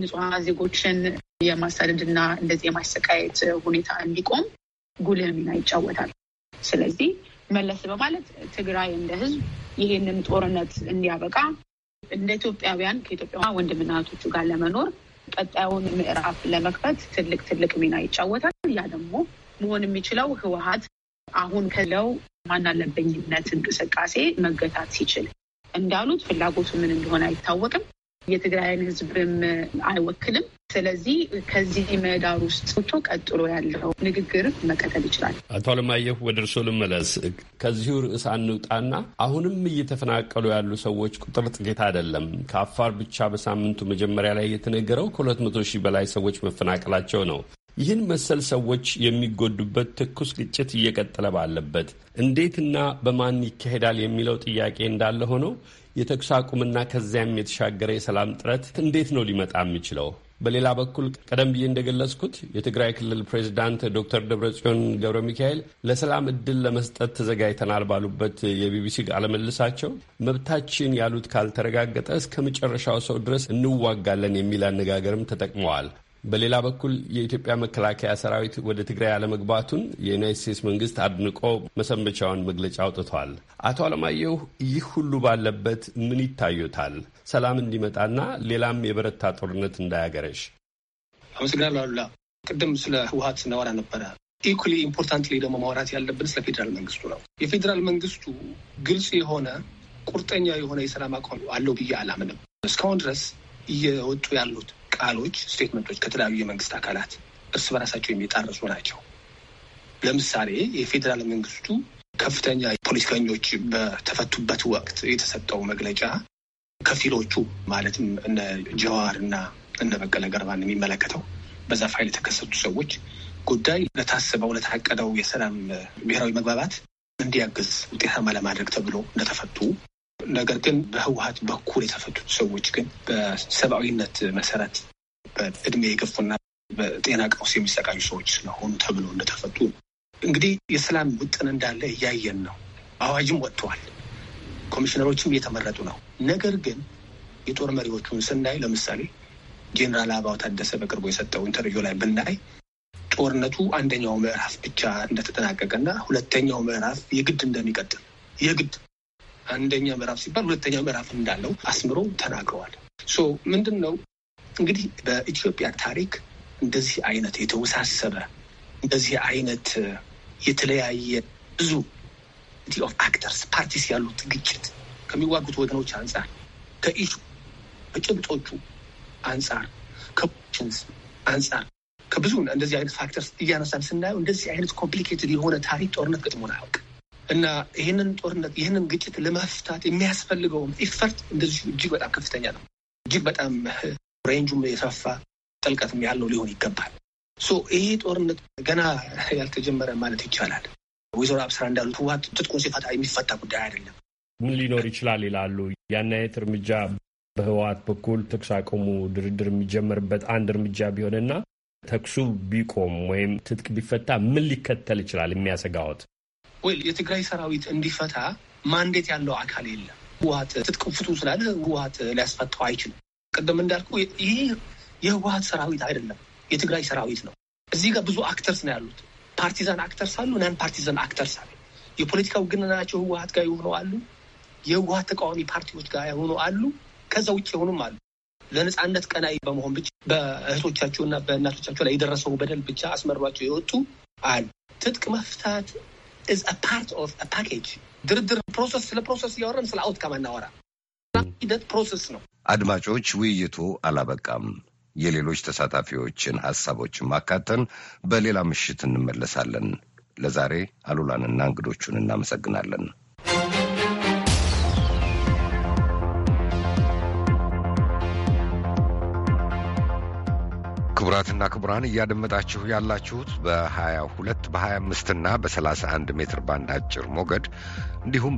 ንጹሐ ዜጎችን የማሳደድና እንደዚህ የማሰቃየት ሁኔታ እንዲቆም ጉልህ ሚና ይጫወታል። ስለዚህ መለስ በማለት ትግራይ እንደ ህዝብ ይሄንን ጦርነት እንዲያበቃ እንደ ኢትዮጵያውያን ከኢትዮጵያ ወንድምና እህቶቹ ጋር ለመኖር ቀጣዩን ምዕራፍ ለመክፈት ትልቅ ትልቅ ሚና ይጫወታል። ያ ደግሞ መሆን የሚችለው ህወሀት አሁን ከለው ማናለበኝነት እንቅስቃሴ መገታት ሲችል እንዳሉት ፍላጎቱ ምን እንደሆነ አይታወቅም። የትግራይን ህዝብም አይወክልም። ስለዚህ ከዚህ ምህዳር ውስጥ ወጥቶ ቀጥሎ ያለው ንግግር መቀጠል ይችላል። አቶ አለማየሁ ወደ እርስዎ ልመለስ። ከዚሁ ርዕስ አንውጣና አሁንም እየተፈናቀሉ ያሉ ሰዎች ቁጥር ጥቂት አይደለም። ከአፋር ብቻ በሳምንቱ መጀመሪያ ላይ የተነገረው ከሁለት መቶ ሺህ በላይ ሰዎች መፈናቀላቸው ነው። ይህን መሰል ሰዎች የሚጎዱበት ትኩስ ግጭት እየቀጠለ ባለበት እንዴትና በማን ይካሄዳል የሚለው ጥያቄ እንዳለ ሆኖ የተኩስ አቁምና ከዚያም የተሻገረ የሰላም ጥረት እንዴት ነው ሊመጣ የሚችለው? በሌላ በኩል ቀደም ብዬ እንደገለጽኩት የትግራይ ክልል ፕሬዚዳንት ዶክተር ደብረጽዮን ገብረ ሚካኤል ለሰላም እድል ለመስጠት ተዘጋጅተናል ባሉበት የቢቢሲ ቃለምልሳቸው መብታችን ያሉት ካልተረጋገጠ እስከ መጨረሻው ሰው ድረስ እንዋጋለን የሚል አነጋገርም ተጠቅመዋል። በሌላ በኩል የኢትዮጵያ መከላከያ ሰራዊት ወደ ትግራይ አለመግባቱን የዩናይት ስቴትስ መንግስት አድንቆ መሰንበቻውን መግለጫ አውጥቷል። አቶ አለማየሁ ይህ ሁሉ ባለበት ምን ይታዩታል? ሰላም እንዲመጣና ሌላም የበረታ ጦርነት እንዳያገረሽ። አመሰግናለሁ አሉላ። ቅድም ስለ ህወሀት ስናወራ ነበረ። ኢኩሊ ኢምፖርታንት ላይ ደግሞ ማውራት ያለብን ስለ ፌዴራል መንግስቱ ነው። የፌዴራል መንግስቱ ግልጽ የሆነ ቁርጠኛ የሆነ የሰላም አቋም አለው ብዬ አላምንም። እስካሁን ድረስ እየወጡ ያሉት ቃሎች፣ ስቴትመንቶች ከተለያዩ የመንግስት አካላት እርስ በራሳቸው የሚጣረሱ ናቸው። ለምሳሌ የፌዴራል መንግስቱ ከፍተኛ ፖለቲከኞች በተፈቱበት ወቅት የተሰጠው መግለጫ ከፊሎቹ ማለትም እነ ጀዋር እና እነ በቀለ ገርባን የሚመለከተው በዛ ፋይል የተከሰቱ ሰዎች ጉዳይ ለታሰበው ለታቀደው የሰላም ብሔራዊ መግባባት እንዲያግዝ ውጤታማ ለማድረግ ተብሎ እንደተፈቱ ነገር ግን በህወሀት በኩል የተፈቱት ሰዎች ግን በሰብአዊነት መሰረት በእድሜ የገፉና በጤና ቀውስ የሚሰቃዩ ሰዎች ስለሆኑ ተብሎ እንደተፈቱ እንግዲህ የሰላም ውጥን እንዳለ እያየን ነው። አዋጅም ወጥተዋል። ኮሚሽነሮችም እየተመረጡ ነው። ነገር ግን የጦር መሪዎቹን ስናይ ለምሳሌ ጄኔራል አባው ታደሰ በቅርቡ የሰጠው ኢንተርቪው ላይ ብናይ ጦርነቱ አንደኛው ምዕራፍ ብቻ እንደተጠናቀቀ ና ሁለተኛው ምዕራፍ የግድ እንደሚቀጥል የግድ አንደኛ ምዕራፍ ሲባል ሁለተኛ ምዕራፍ እንዳለው አስምሮ ተናግረዋል። ሶ ምንድን ነው እንግዲህ በኢትዮጵያ ታሪክ እንደዚህ አይነት የተወሳሰበ እንደዚህ አይነት የተለያየ ብዙ ኦፍ አክተርስ ፓርቲስ ያሉት ግጭት ከሚዋጉት ወገኖች አንጻር ከኢሹ ከጭብጦቹ አንጻር ከፖሽንስ አንጻር ከብዙ እንደዚህ አይነት ፋክተርስ እያነሳን ስናየው እንደዚህ አይነት ኮምፕሊኬትድ የሆነ ታሪክ ጦርነት ገጥሞን አያውቅም። እና ይህንን ጦርነት ይህንን ግጭት ለመፍታት የሚያስፈልገውም ኢፈርት እንደዚሁ እጅግ በጣም ከፍተኛ ነው። እጅግ በጣም ሬንጁም የሰፋ ጥልቀትም ያለው ሊሆን ይገባል። ሶ ይሄ ጦርነት ገና ያልተጀመረ ማለት ይቻላል። ወይዘሮ አብስራ እንዳሉት ህወሓት ትጥቁን ሲፈታ የሚፈታ ጉዳይ አይደለም። ምን ሊኖር ይችላል ይላሉ። አይነት እርምጃ በህወሓት በኩል ተኩስ አቁሙ ድርድር የሚጀመርበት አንድ እርምጃ ቢሆንና ተኩሱ ቢቆም ወይም ትጥቅ ቢፈታ ምን ሊከተል ይችላል የሚያሰጋዎት? ወይ የትግራይ ሰራዊት እንዲፈታ ማንዴት ያለው አካል የለም። ህወሀት ትጥቅ ፍቱ ስላለ ህወሀት ሊያስፈታው አይችልም። ቅድም እንዳልኩ ይህ የህወሀት ሰራዊት አይደለም፣ የትግራይ ሰራዊት ነው። እዚህ ጋር ብዙ አክተርስ ነው ያሉት። ፓርቲዛን አክተርስ አሉ፣ ናን ፓርቲዛን አክተርስ አሉ። የፖለቲካ ውግንናቸው ህወሀት ጋር የሆኑ አሉ፣ የህወሀት ተቃዋሚ ፓርቲዎች ጋር የሆኑ አሉ፣ ከዛ ውጭ የሆኑም አሉ። ለነፃነት ቀናይ በመሆን ብቻ እና በእናቶቻቸው ላይ የደረሰው በደል ብቻ አስመሯቸው የወጡ አሉ። ትጥቅ መፍታት ኢዝ አ ፓርት ኦፍ አ ፓኬጅ ድርድር ፕሮሰስ ስለ ፕሮሰስ እያወራን ስለ አውትካም አናወራ። ሂደት ፕሮሰስ ነው። አድማጮች፣ ውይይቱ አላበቃም። የሌሎች ተሳታፊዎችን ሀሳቦችን ማካተን በሌላ ምሽት እንመለሳለን። ለዛሬ አሉላንና እንግዶቹን እናመሰግናለን። ክቡራትና ክቡራን እያደመጣችሁ ያላችሁት በ22 በ25 እና በ31 ሜትር ባንድ አጭር ሞገድ እንዲሁም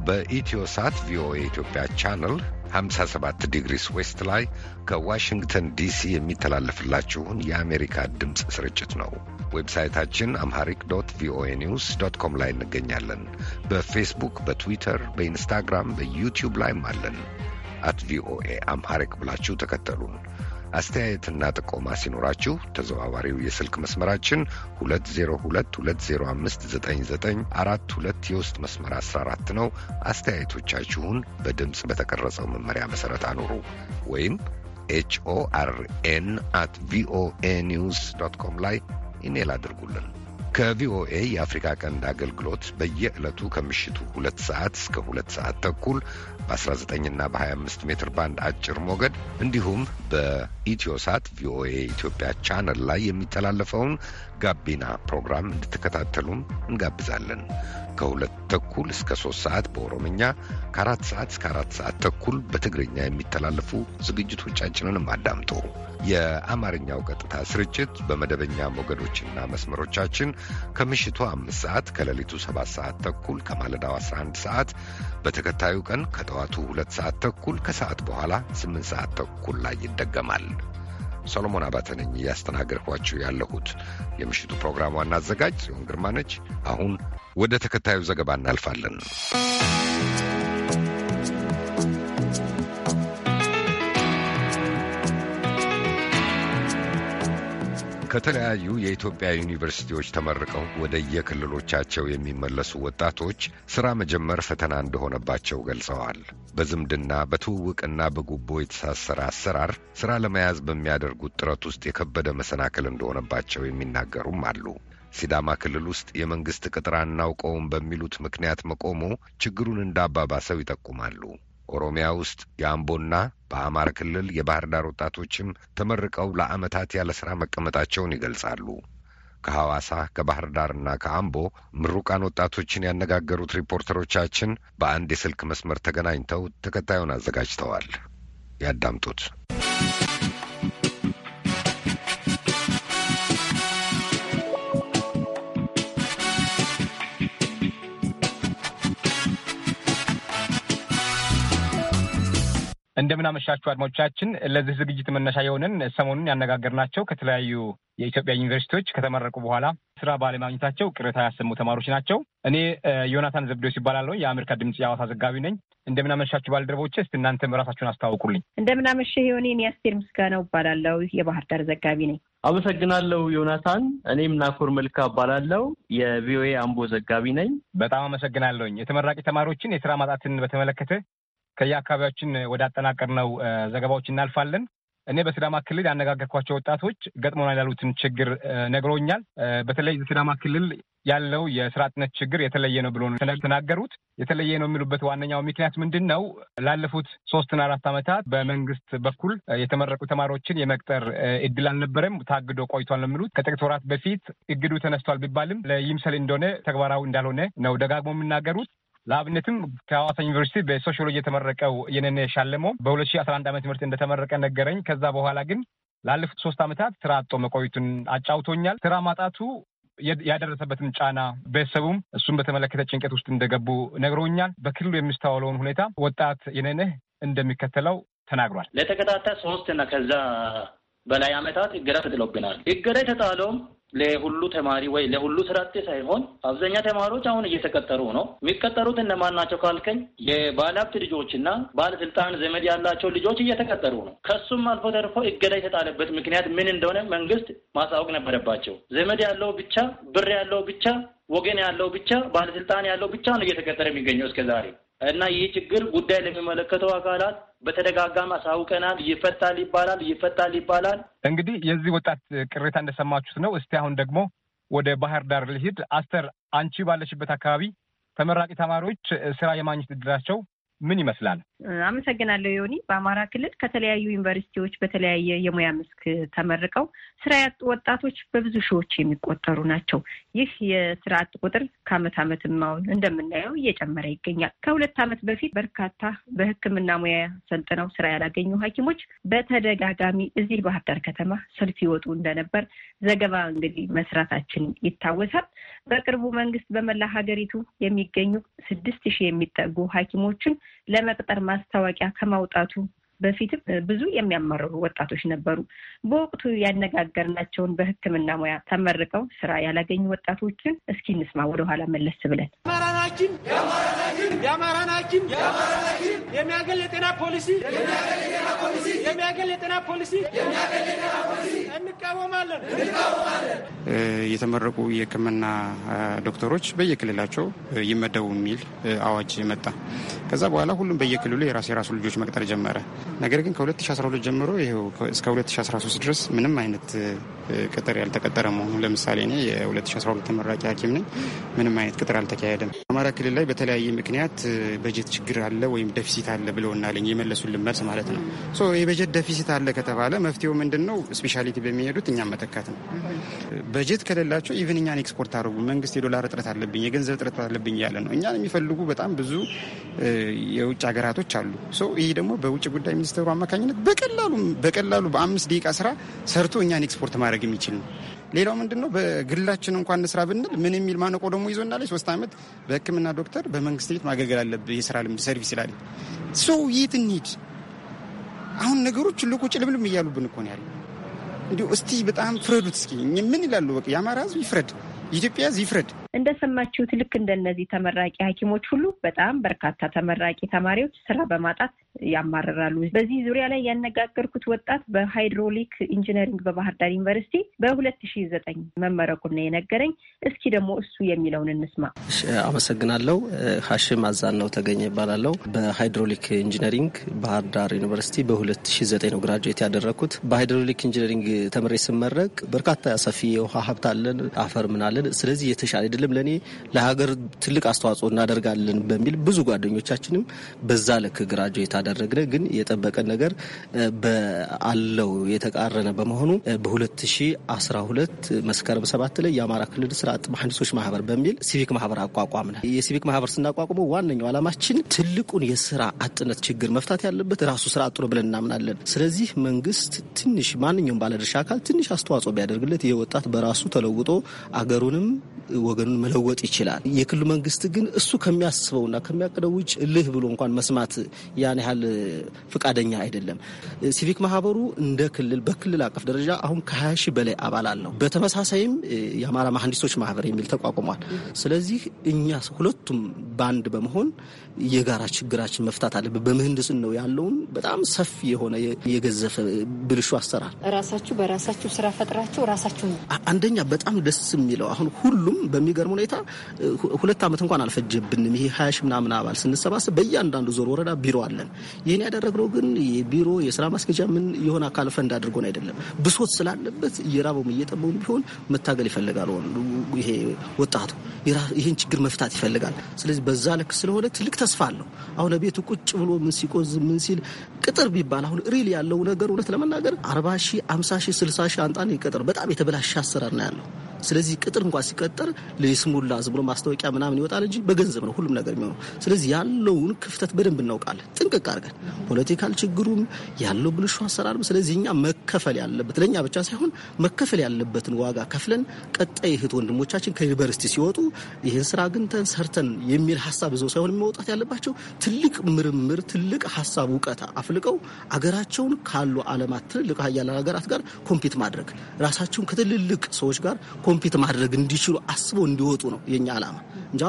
ሳት ቪኦኤ ኢትዮጵያ ቻነል 57 ዲግሪስ ዌስት ላይ ከዋሽንግተን ዲሲ የሚተላለፍላችሁን የአሜሪካ ድምፅ ስርጭት ነው። ዌብሳይታችን አምሃሪክ ዶት ቪኦኤ ኒውስ ዶት ኮም ላይ እንገኛለን። በፌስቡክ፣ በትዊተር፣ በኢንስታግራም፣ በዩቲዩብ ላይም አለን። አት ቪኦኤ አምሃሪክ ብላችሁ ተከተሉን። አስተያየትና ጥቆማ ሲኖራችሁ ተዘዋዋሪው የስልክ መስመራችን 2022059942 የውስጥ መስመር 14 ነው። አስተያየቶቻችሁን በድምፅ በተቀረጸው መመሪያ መሰረት አኑሩ ወይም ኤችኦአርኤን አት ቪኦኤ ኒውስ ዶት ኮም ላይ ኢሜል አድርጉልን። ከቪኦኤ የአፍሪካ ቀንድ አገልግሎት በየዕለቱ ከምሽቱ ሁለት ሰዓት እስከ ሁለት ሰዓት ተኩል በ19ና በ25 ሜትር ባንድ አጭር ሞገድ እንዲሁም በኢትዮሳት ቪኦኤ ኢትዮጵያ ቻነል ላይ የሚተላለፈውን ጋቢና ፕሮግራም እንድትከታተሉም እንጋብዛለን። ከሁለት ተኩል እስከ ሶስት ሰዓት በኦሮምኛ ከአራት ሰዓት እስከ አራት ሰዓት ተኩል በትግርኛ የሚተላለፉ ዝግጅቶቻችንንም አዳምጡ። የአማርኛው ቀጥታ ስርጭት በመደበኛ ሞገዶችና መስመሮቻችን ከምሽቱ አምስት ሰዓት ከሌሊቱ ሰባት ሰዓት ተኩል ከማለዳው 11 ሰዓት በተከታዩ ቀን ከጠ ከጠዋቱ ሁለት ሰዓት ተኩል ከሰዓት በኋላ ስምንት ሰዓት ተኩል ላይ ይደገማል። ሰሎሞን አባተ ነኝ እያስተናገድኳችሁ ያለሁት። የምሽቱ ፕሮግራም ዋና አዘጋጅ ጽዮን ግርማ ነች። አሁን ወደ ተከታዩ ዘገባ እናልፋለን። ከተለያዩ የኢትዮጵያ ዩኒቨርሲቲዎች ተመርቀው ወደ የክልሎቻቸው የሚመለሱ ወጣቶች ሥራ መጀመር ፈተና እንደሆነባቸው ገልጸዋል። በዝምድና በትውውቅና በጉቦ የተሳሰረ አሰራር ሥራ ለመያዝ በሚያደርጉት ጥረት ውስጥ የከበደ መሰናክል እንደሆነባቸው የሚናገሩም አሉ። ሲዳማ ክልል ውስጥ የመንግሥት ቅጥር አናውቀውም በሚሉት ምክንያት መቆሙ ችግሩን እንዳባባሰው ይጠቁማሉ። ኦሮሚያ ውስጥ የአምቦና በአማራ ክልል የባህር ዳር ወጣቶችም ተመርቀው ለዓመታት ያለ ሥራ መቀመጣቸውን ይገልጻሉ። ከሐዋሳ ከባህር ዳርና ከአምቦ ምሩቃን ወጣቶችን ያነጋገሩት ሪፖርተሮቻችን በአንድ የስልክ መስመር ተገናኝተው ተከታዩን አዘጋጅተዋል። ያዳምጡት። እንደምናመሻችሁ አመሻችሁ አድማጮቻችን። ለዚህ ዝግጅት መነሻ የሆንን ሰሞኑን ያነጋገርናቸው ከተለያዩ የኢትዮጵያ ዩኒቨርሲቲዎች ከተመረቁ በኋላ ስራ ባለማግኘታቸው ቅሬታ ያሰሙ ተማሪዎች ናቸው። እኔ ዮናታን ዘብዴዎስ ይባላለሁ። የአሜሪካ ድምፅ የአዋሳ ዘጋቢ ነኝ። እንደምናመሻችሁ ባልደረቦች፣ ባልደረቦቼ። እስቲ እናንተም ራሳችሁን አስተዋውቁልኝ። እንደምን የሆኔ። እኔ አስቴር ምስጋናው እባላለሁ። የባህር ዳር ዘጋቢ ነኝ። አመሰግናለሁ ዮናታን። እኔም ናኮር መልካ እባላለሁ። የቪኦኤ አምቦ ዘጋቢ ነኝ። በጣም አመሰግናለሁኝ። የተመራቂ ተማሪዎችን የስራ ማጣትን በተመለከተ ከየአካባቢያችን ወደ አጠናቀር ነው ዘገባዎች እናልፋለን። እኔ በሲዳማ ክልል ያነጋገርኳቸው ወጣቶች ገጥሞናል ያሉትን ችግር ነግሮኛል። በተለይ ሲዳማ ክልል ያለው የስራ አጥነት ችግር የተለየ ነው ብሎ ተናገሩት። የተለየ ነው የሚሉበት ዋነኛው ምክንያት ምንድን ነው? ላለፉት ሶስትና አራት ዓመታት በመንግስት በኩል የተመረቁ ተማሪዎችን የመቅጠር እድል አልነበረም፣ ታግዶ ቆይቷል ነው የሚሉት። ከጥቂት ወራት በፊት እግዱ ተነስቷል ቢባልም ለይምሰል እንደሆነ ተግባራዊ እንዳልሆነ ነው ደጋግሞ የሚናገሩት። ለአብነትም ከሐዋሳ ዩኒቨርሲቲ በሶሽሎጂ የተመረቀው የነነ ሻለሞ በ2011 ዓመት ትምህርት እንደተመረቀ ነገረኝ። ከዛ በኋላ ግን ላለፉት ሶስት ዓመታት ስራ አጦ መቆየቱን አጫውቶኛል። ስራ ማጣቱ ያደረሰበትም ጫና ቤተሰቡም እሱን በተመለከተ ጭንቀት ውስጥ እንደገቡ ነግሮኛል። በክልሉ የሚስተዋለውን ሁኔታ ወጣት የነነህ እንደሚከተለው ተናግሯል። ለተከታታይ ሶስት እና ከዛ በላይ ዓመታት እገዳ ተጥሎብናል። እገዳ የተጣለውም ለሁሉ ተማሪ ወይ ለሁሉ ስራቴ ሳይሆን አብዛኛ ተማሪዎች አሁን እየተቀጠሩ ነው። የሚቀጠሩት እነማን ናቸው ካልከኝ የባለሀብት ልጆችና ባለስልጣን ዘመድ ያላቸው ልጆች እየተቀጠሩ ነው። ከሱም አልፎ ተርፎ እገዳ የተጣለበት ምክንያት ምን እንደሆነ መንግስት ማሳወቅ ነበረባቸው። ዘመድ ያለው ብቻ፣ ብር ያለው ብቻ፣ ወገን ያለው ብቻ፣ ባለስልጣን ያለው ብቻ ነው እየተቀጠረ የሚገኘው እስከዛሬ እና ይህ ችግር ጉዳይ ለሚመለከተው አካላት በተደጋጋሚ አሳውቀናል። ይፈታል ይባላል፣ ይፈታል ይባላል። እንግዲህ የዚህ ወጣት ቅሬታ እንደሰማችሁት ነው። እስቲ አሁን ደግሞ ወደ ባህር ዳር ልሂድ። አስተር፣ አንቺ ባለሽበት አካባቢ ተመራቂ ተማሪዎች ስራ የማግኘት እድላቸው ምን ይመስላል? አመሰግናለሁ ዮኒ። በአማራ ክልል ከተለያዩ ዩኒቨርሲቲዎች በተለያየ የሙያ መስክ ተመርቀው ስራ ያጡ ወጣቶች በብዙ ሺዎች የሚቆጠሩ ናቸው። ይህ የስራ አጥ ቁጥር ከአመት አመት ማሁን እንደምናየው እየጨመረ ይገኛል። ከሁለት አመት በፊት በርካታ በሕክምና ሙያ ሰልጥነው ስራ ያላገኙ ሐኪሞች በተደጋጋሚ እዚህ ባህር ዳር ከተማ ሰልፍ ይወጡ እንደነበር ዘገባ እንግዲህ መስራታችን ይታወሳል። በቅርቡ መንግስት በመላ ሀገሪቱ የሚገኙ ስድስት ሺህ የሚጠጉ ሐኪሞችን ለመቅጠር ማስታወቂያ ከማውጣቱ በፊትም ብዙ የሚያማርሩ ወጣቶች ነበሩ። በወቅቱ ያነጋገርናቸውን በሕክምና ሙያ ተመርቀው ስራ ያላገኙ ወጣቶችን እስኪ እንስማ። ወደኋላ መለስ ብለን የአማራን የሚያገል የጤና ፖሊሲ የሚያገል የጤና ፖሊሲ እንቃወማለን። የተመረቁ የሕክምና ዶክተሮች በየክልላቸው ይመደቡ የሚል አዋጅ መጣ። ከዛ በኋላ ሁሉም በየክልሉ የራስ የራሱ ልጆች መቅጠር ጀመረ። ነገር ግን ከ2012 ጀምሮ ይኸው እስከ 2013 ድረስ ምንም አይነት ቅጥር ያልተቀጠረ መሆኑን ለምሳሌ እኔ የ2012 ተመራቂ ሐኪም ነኝ። ምንም አይነት ቅጥር አልተካሄደም። አማራ ክልል ላይ በተለያየ ምክንያት በጀት ችግር አለ ወይም ደፊሲት አለ ብለውናለኝ የመለሱልን መልስ ማለት ነው። የበጀት ደፊሲት አለ ከተባለ መፍትሄው ምንድን ነው? ስፔሻሊቲ በሚሄዱት እኛም መተካት ነው። በጀት ከሌላቸው ኢቨን እኛን ኤክስፖርት አድርጉ። መንግስት የዶላር እጥረት አለብኝ፣ የገንዘብ እጥረት አለብኝ እያለ ነው። እኛን የሚፈልጉ በጣም ብዙ የውጭ ሀገራቶች አሉ። ይህ ደግሞ በውጭ ጉዳይ ሚኒስትሩ አማካኝነት በቀላሉ በቀላሉ በአምስት ደቂቃ ስራ ሰርቶ እኛን ኤክስፖርት ማድረግ ማድረግ የሚችል ነው። ሌላው ምንድን ነው? በግላችን እንኳን እንስራ ብንል ምን የሚል ማነቆ ደግሞ ይዞ እንዳለ ሶስት ዓመት በህክምና ዶክተር በመንግስት ቤት ማገልገል አለብህ የስራ ልምድ ሰርቪስ ይላል። ሰው የት እንሂድ? አሁን ነገሮች ልቁ ጭልምልም እያሉብን እኮ ነው ያለ። እንዲሁ እስቲ በጣም ፍረዱት እስኪ ምን ይላሉ? በቃ የአማራ ህዝብ ይፍረድ፣ የኢትዮጵያ ህዝብ ይፍረድ። እንደሰማችሁት ልክ እንደነዚህ ተመራቂ ሐኪሞች ሁሉ በጣም በርካታ ተመራቂ ተማሪዎች ስራ በማጣት ያማርራሉ። በዚህ ዙሪያ ላይ ያነጋገርኩት ወጣት በሃይድሮሊክ ኢንጂነሪንግ በባህር ዳር ዩኒቨርሲቲ በሁለት ሺ ዘጠኝ መመረቁን ነው የነገረኝ። እስኪ ደግሞ እሱ የሚለውን እንስማ። አመሰግናለሁ። ሀሽም አዛን ነው ተገኘ ይባላለው። በሃይድሮሊክ ኢንጂነሪንግ ባህር ዳር ዩኒቨርሲቲ ሺ ዘጠኝ ነው ግራጁዌት ያደረግኩት። በሃይድሮሊክ ኢንጂነሪንግ ተምሬ ስመረቅ በርካታ ሰፊ የውሃ ሀብት አለን፣ አፈር ምናለን። ስለዚህ የተሻለ አይደለም ለእኔ ለሀገር ትልቅ አስተዋጽኦ እናደርጋለን በሚል ብዙ ጓደኞቻችንም በዛ ልክ ግራጆ የታደረግነ ግን የጠበቀን ነገር በአለው የተቃረነ በመሆኑ በ2012 መስከረም ሰባት ላይ የአማራ ክልል ስራ አጥ መሐንዲሶች ማህበር በሚል ሲቪክ ማህበር አቋቋምነ። የሲቪክ ማህበር ስናቋቁመው ዋነኛው ዓላማችን ትልቁን የስራ አጥነት ችግር መፍታት ያለበት ራሱ ስራ አጥ ነው ብለን እናምናለን። ስለዚህ መንግስት ትንሽ ማንኛውም ባለድርሻ አካል ትንሽ አስተዋጽኦ ቢያደርግለት ይህ ወጣት በራሱ ተለውጦ አገሩንም ወገኑ ነገርን መለወጥ ይችላል። የክልሉ መንግስት ግን እሱ ከሚያስበውና ከሚያቅደው ውጭ እልህ ብሎ እንኳን መስማት ያን ያህል ፍቃደኛ አይደለም። ሲቪክ ማህበሩ እንደ ክልል በክልል አቀፍ ደረጃ አሁን ከ20 ሺህ በላይ አባል አለው። በተመሳሳይም የአማራ መሀንዲሶች ማህበር የሚል ተቋቁሟል። ስለዚህ እኛ ሁለቱም በአንድ በመሆን የጋራ ችግራችን መፍታት አለብን። በምህንድስ ነው ያለውን በጣም ሰፊ የሆነ የገዘፈ ብልሹ አሰራር ራሳችሁ በራሳችሁ ስራ ፈጥራችሁ ራሳችሁ ነው። አንደኛ በጣም ደስ የሚለው አሁን ሁሉም በሚገርም ሁኔታ ሁለት ዓመት እንኳን አልፈጀብንም። ይሄ ሀያ ሺህ ምናምን አባል ስንሰባሰብ በእያንዳንዱ ዞር ወረዳ ቢሮ አለን። ይህን ያደረግነው ግን የቢሮ የስራ ማስኬጃ ምን የሆነ አካል ፈንድ አድርጎን አይደለም። ብሶት ስላለበት እየራበውም እየጠበውን ቢሆን መታገል ይፈልጋል። ይሄ ወጣቱ ይህን ችግር መፍታት ይፈልጋል። ስለዚህ በዛ ልክ ስለሆነ ትልቅ ተስፋ አለው። አሁን ቤቱ ቁጭ ብሎ ምን ሲቆዝ ምን ሲል ቅጥር ቢባል አሁን ሪል ያለው ነገር እውነት ለመናገር አርባ ሺህ አምሳ ሺህ ስልሳ ሺህ አንጣን ይቀጥር በጣም የተበላሸ አሰራር ነው ያለው። ስለዚህ ቅጥር እንኳን ሲቀጠር ለስሙላ ዝም ብሎ ማስታወቂያ ምናምን ይወጣል እንጂ በገንዘብ ነው ሁሉም ነገር የሚሆነው። ስለዚህ ያለውን ክፍተት በደንብ እናውቃለን፣ ጥንቅቅ አድርገን ፖለቲካል ችግሩም ያለው ብልሹ አሰራርም። ስለዚህ እኛ መከፈል ያለበት ለእኛ ብቻ ሳይሆን መከፈል ያለበትን ዋጋ ከፍለን ቀጣይ እህት ወንድሞቻችን ከዩኒቨርሲቲ ሲወጡ ይህን ስራ አግኝተን ሰርተን የሚል ሀሳብ ይዘው ሳይሆን መውጣት ያለባቸው ትልቅ ምርምር፣ ትልቅ ሀሳብ፣ እውቀት አፍልቀው አገራቸውን ካሉ አለማት ትልልቅ ሀያላን ሀገራት ጋር ኮምፒት ማድረግ ራሳቸውን ከትልልቅ ሰዎች ጋር ኮምፒት ማድረግ እንዲችሉ አስበው እንዲወጡ ነው የኛ ዓላማ እንጂ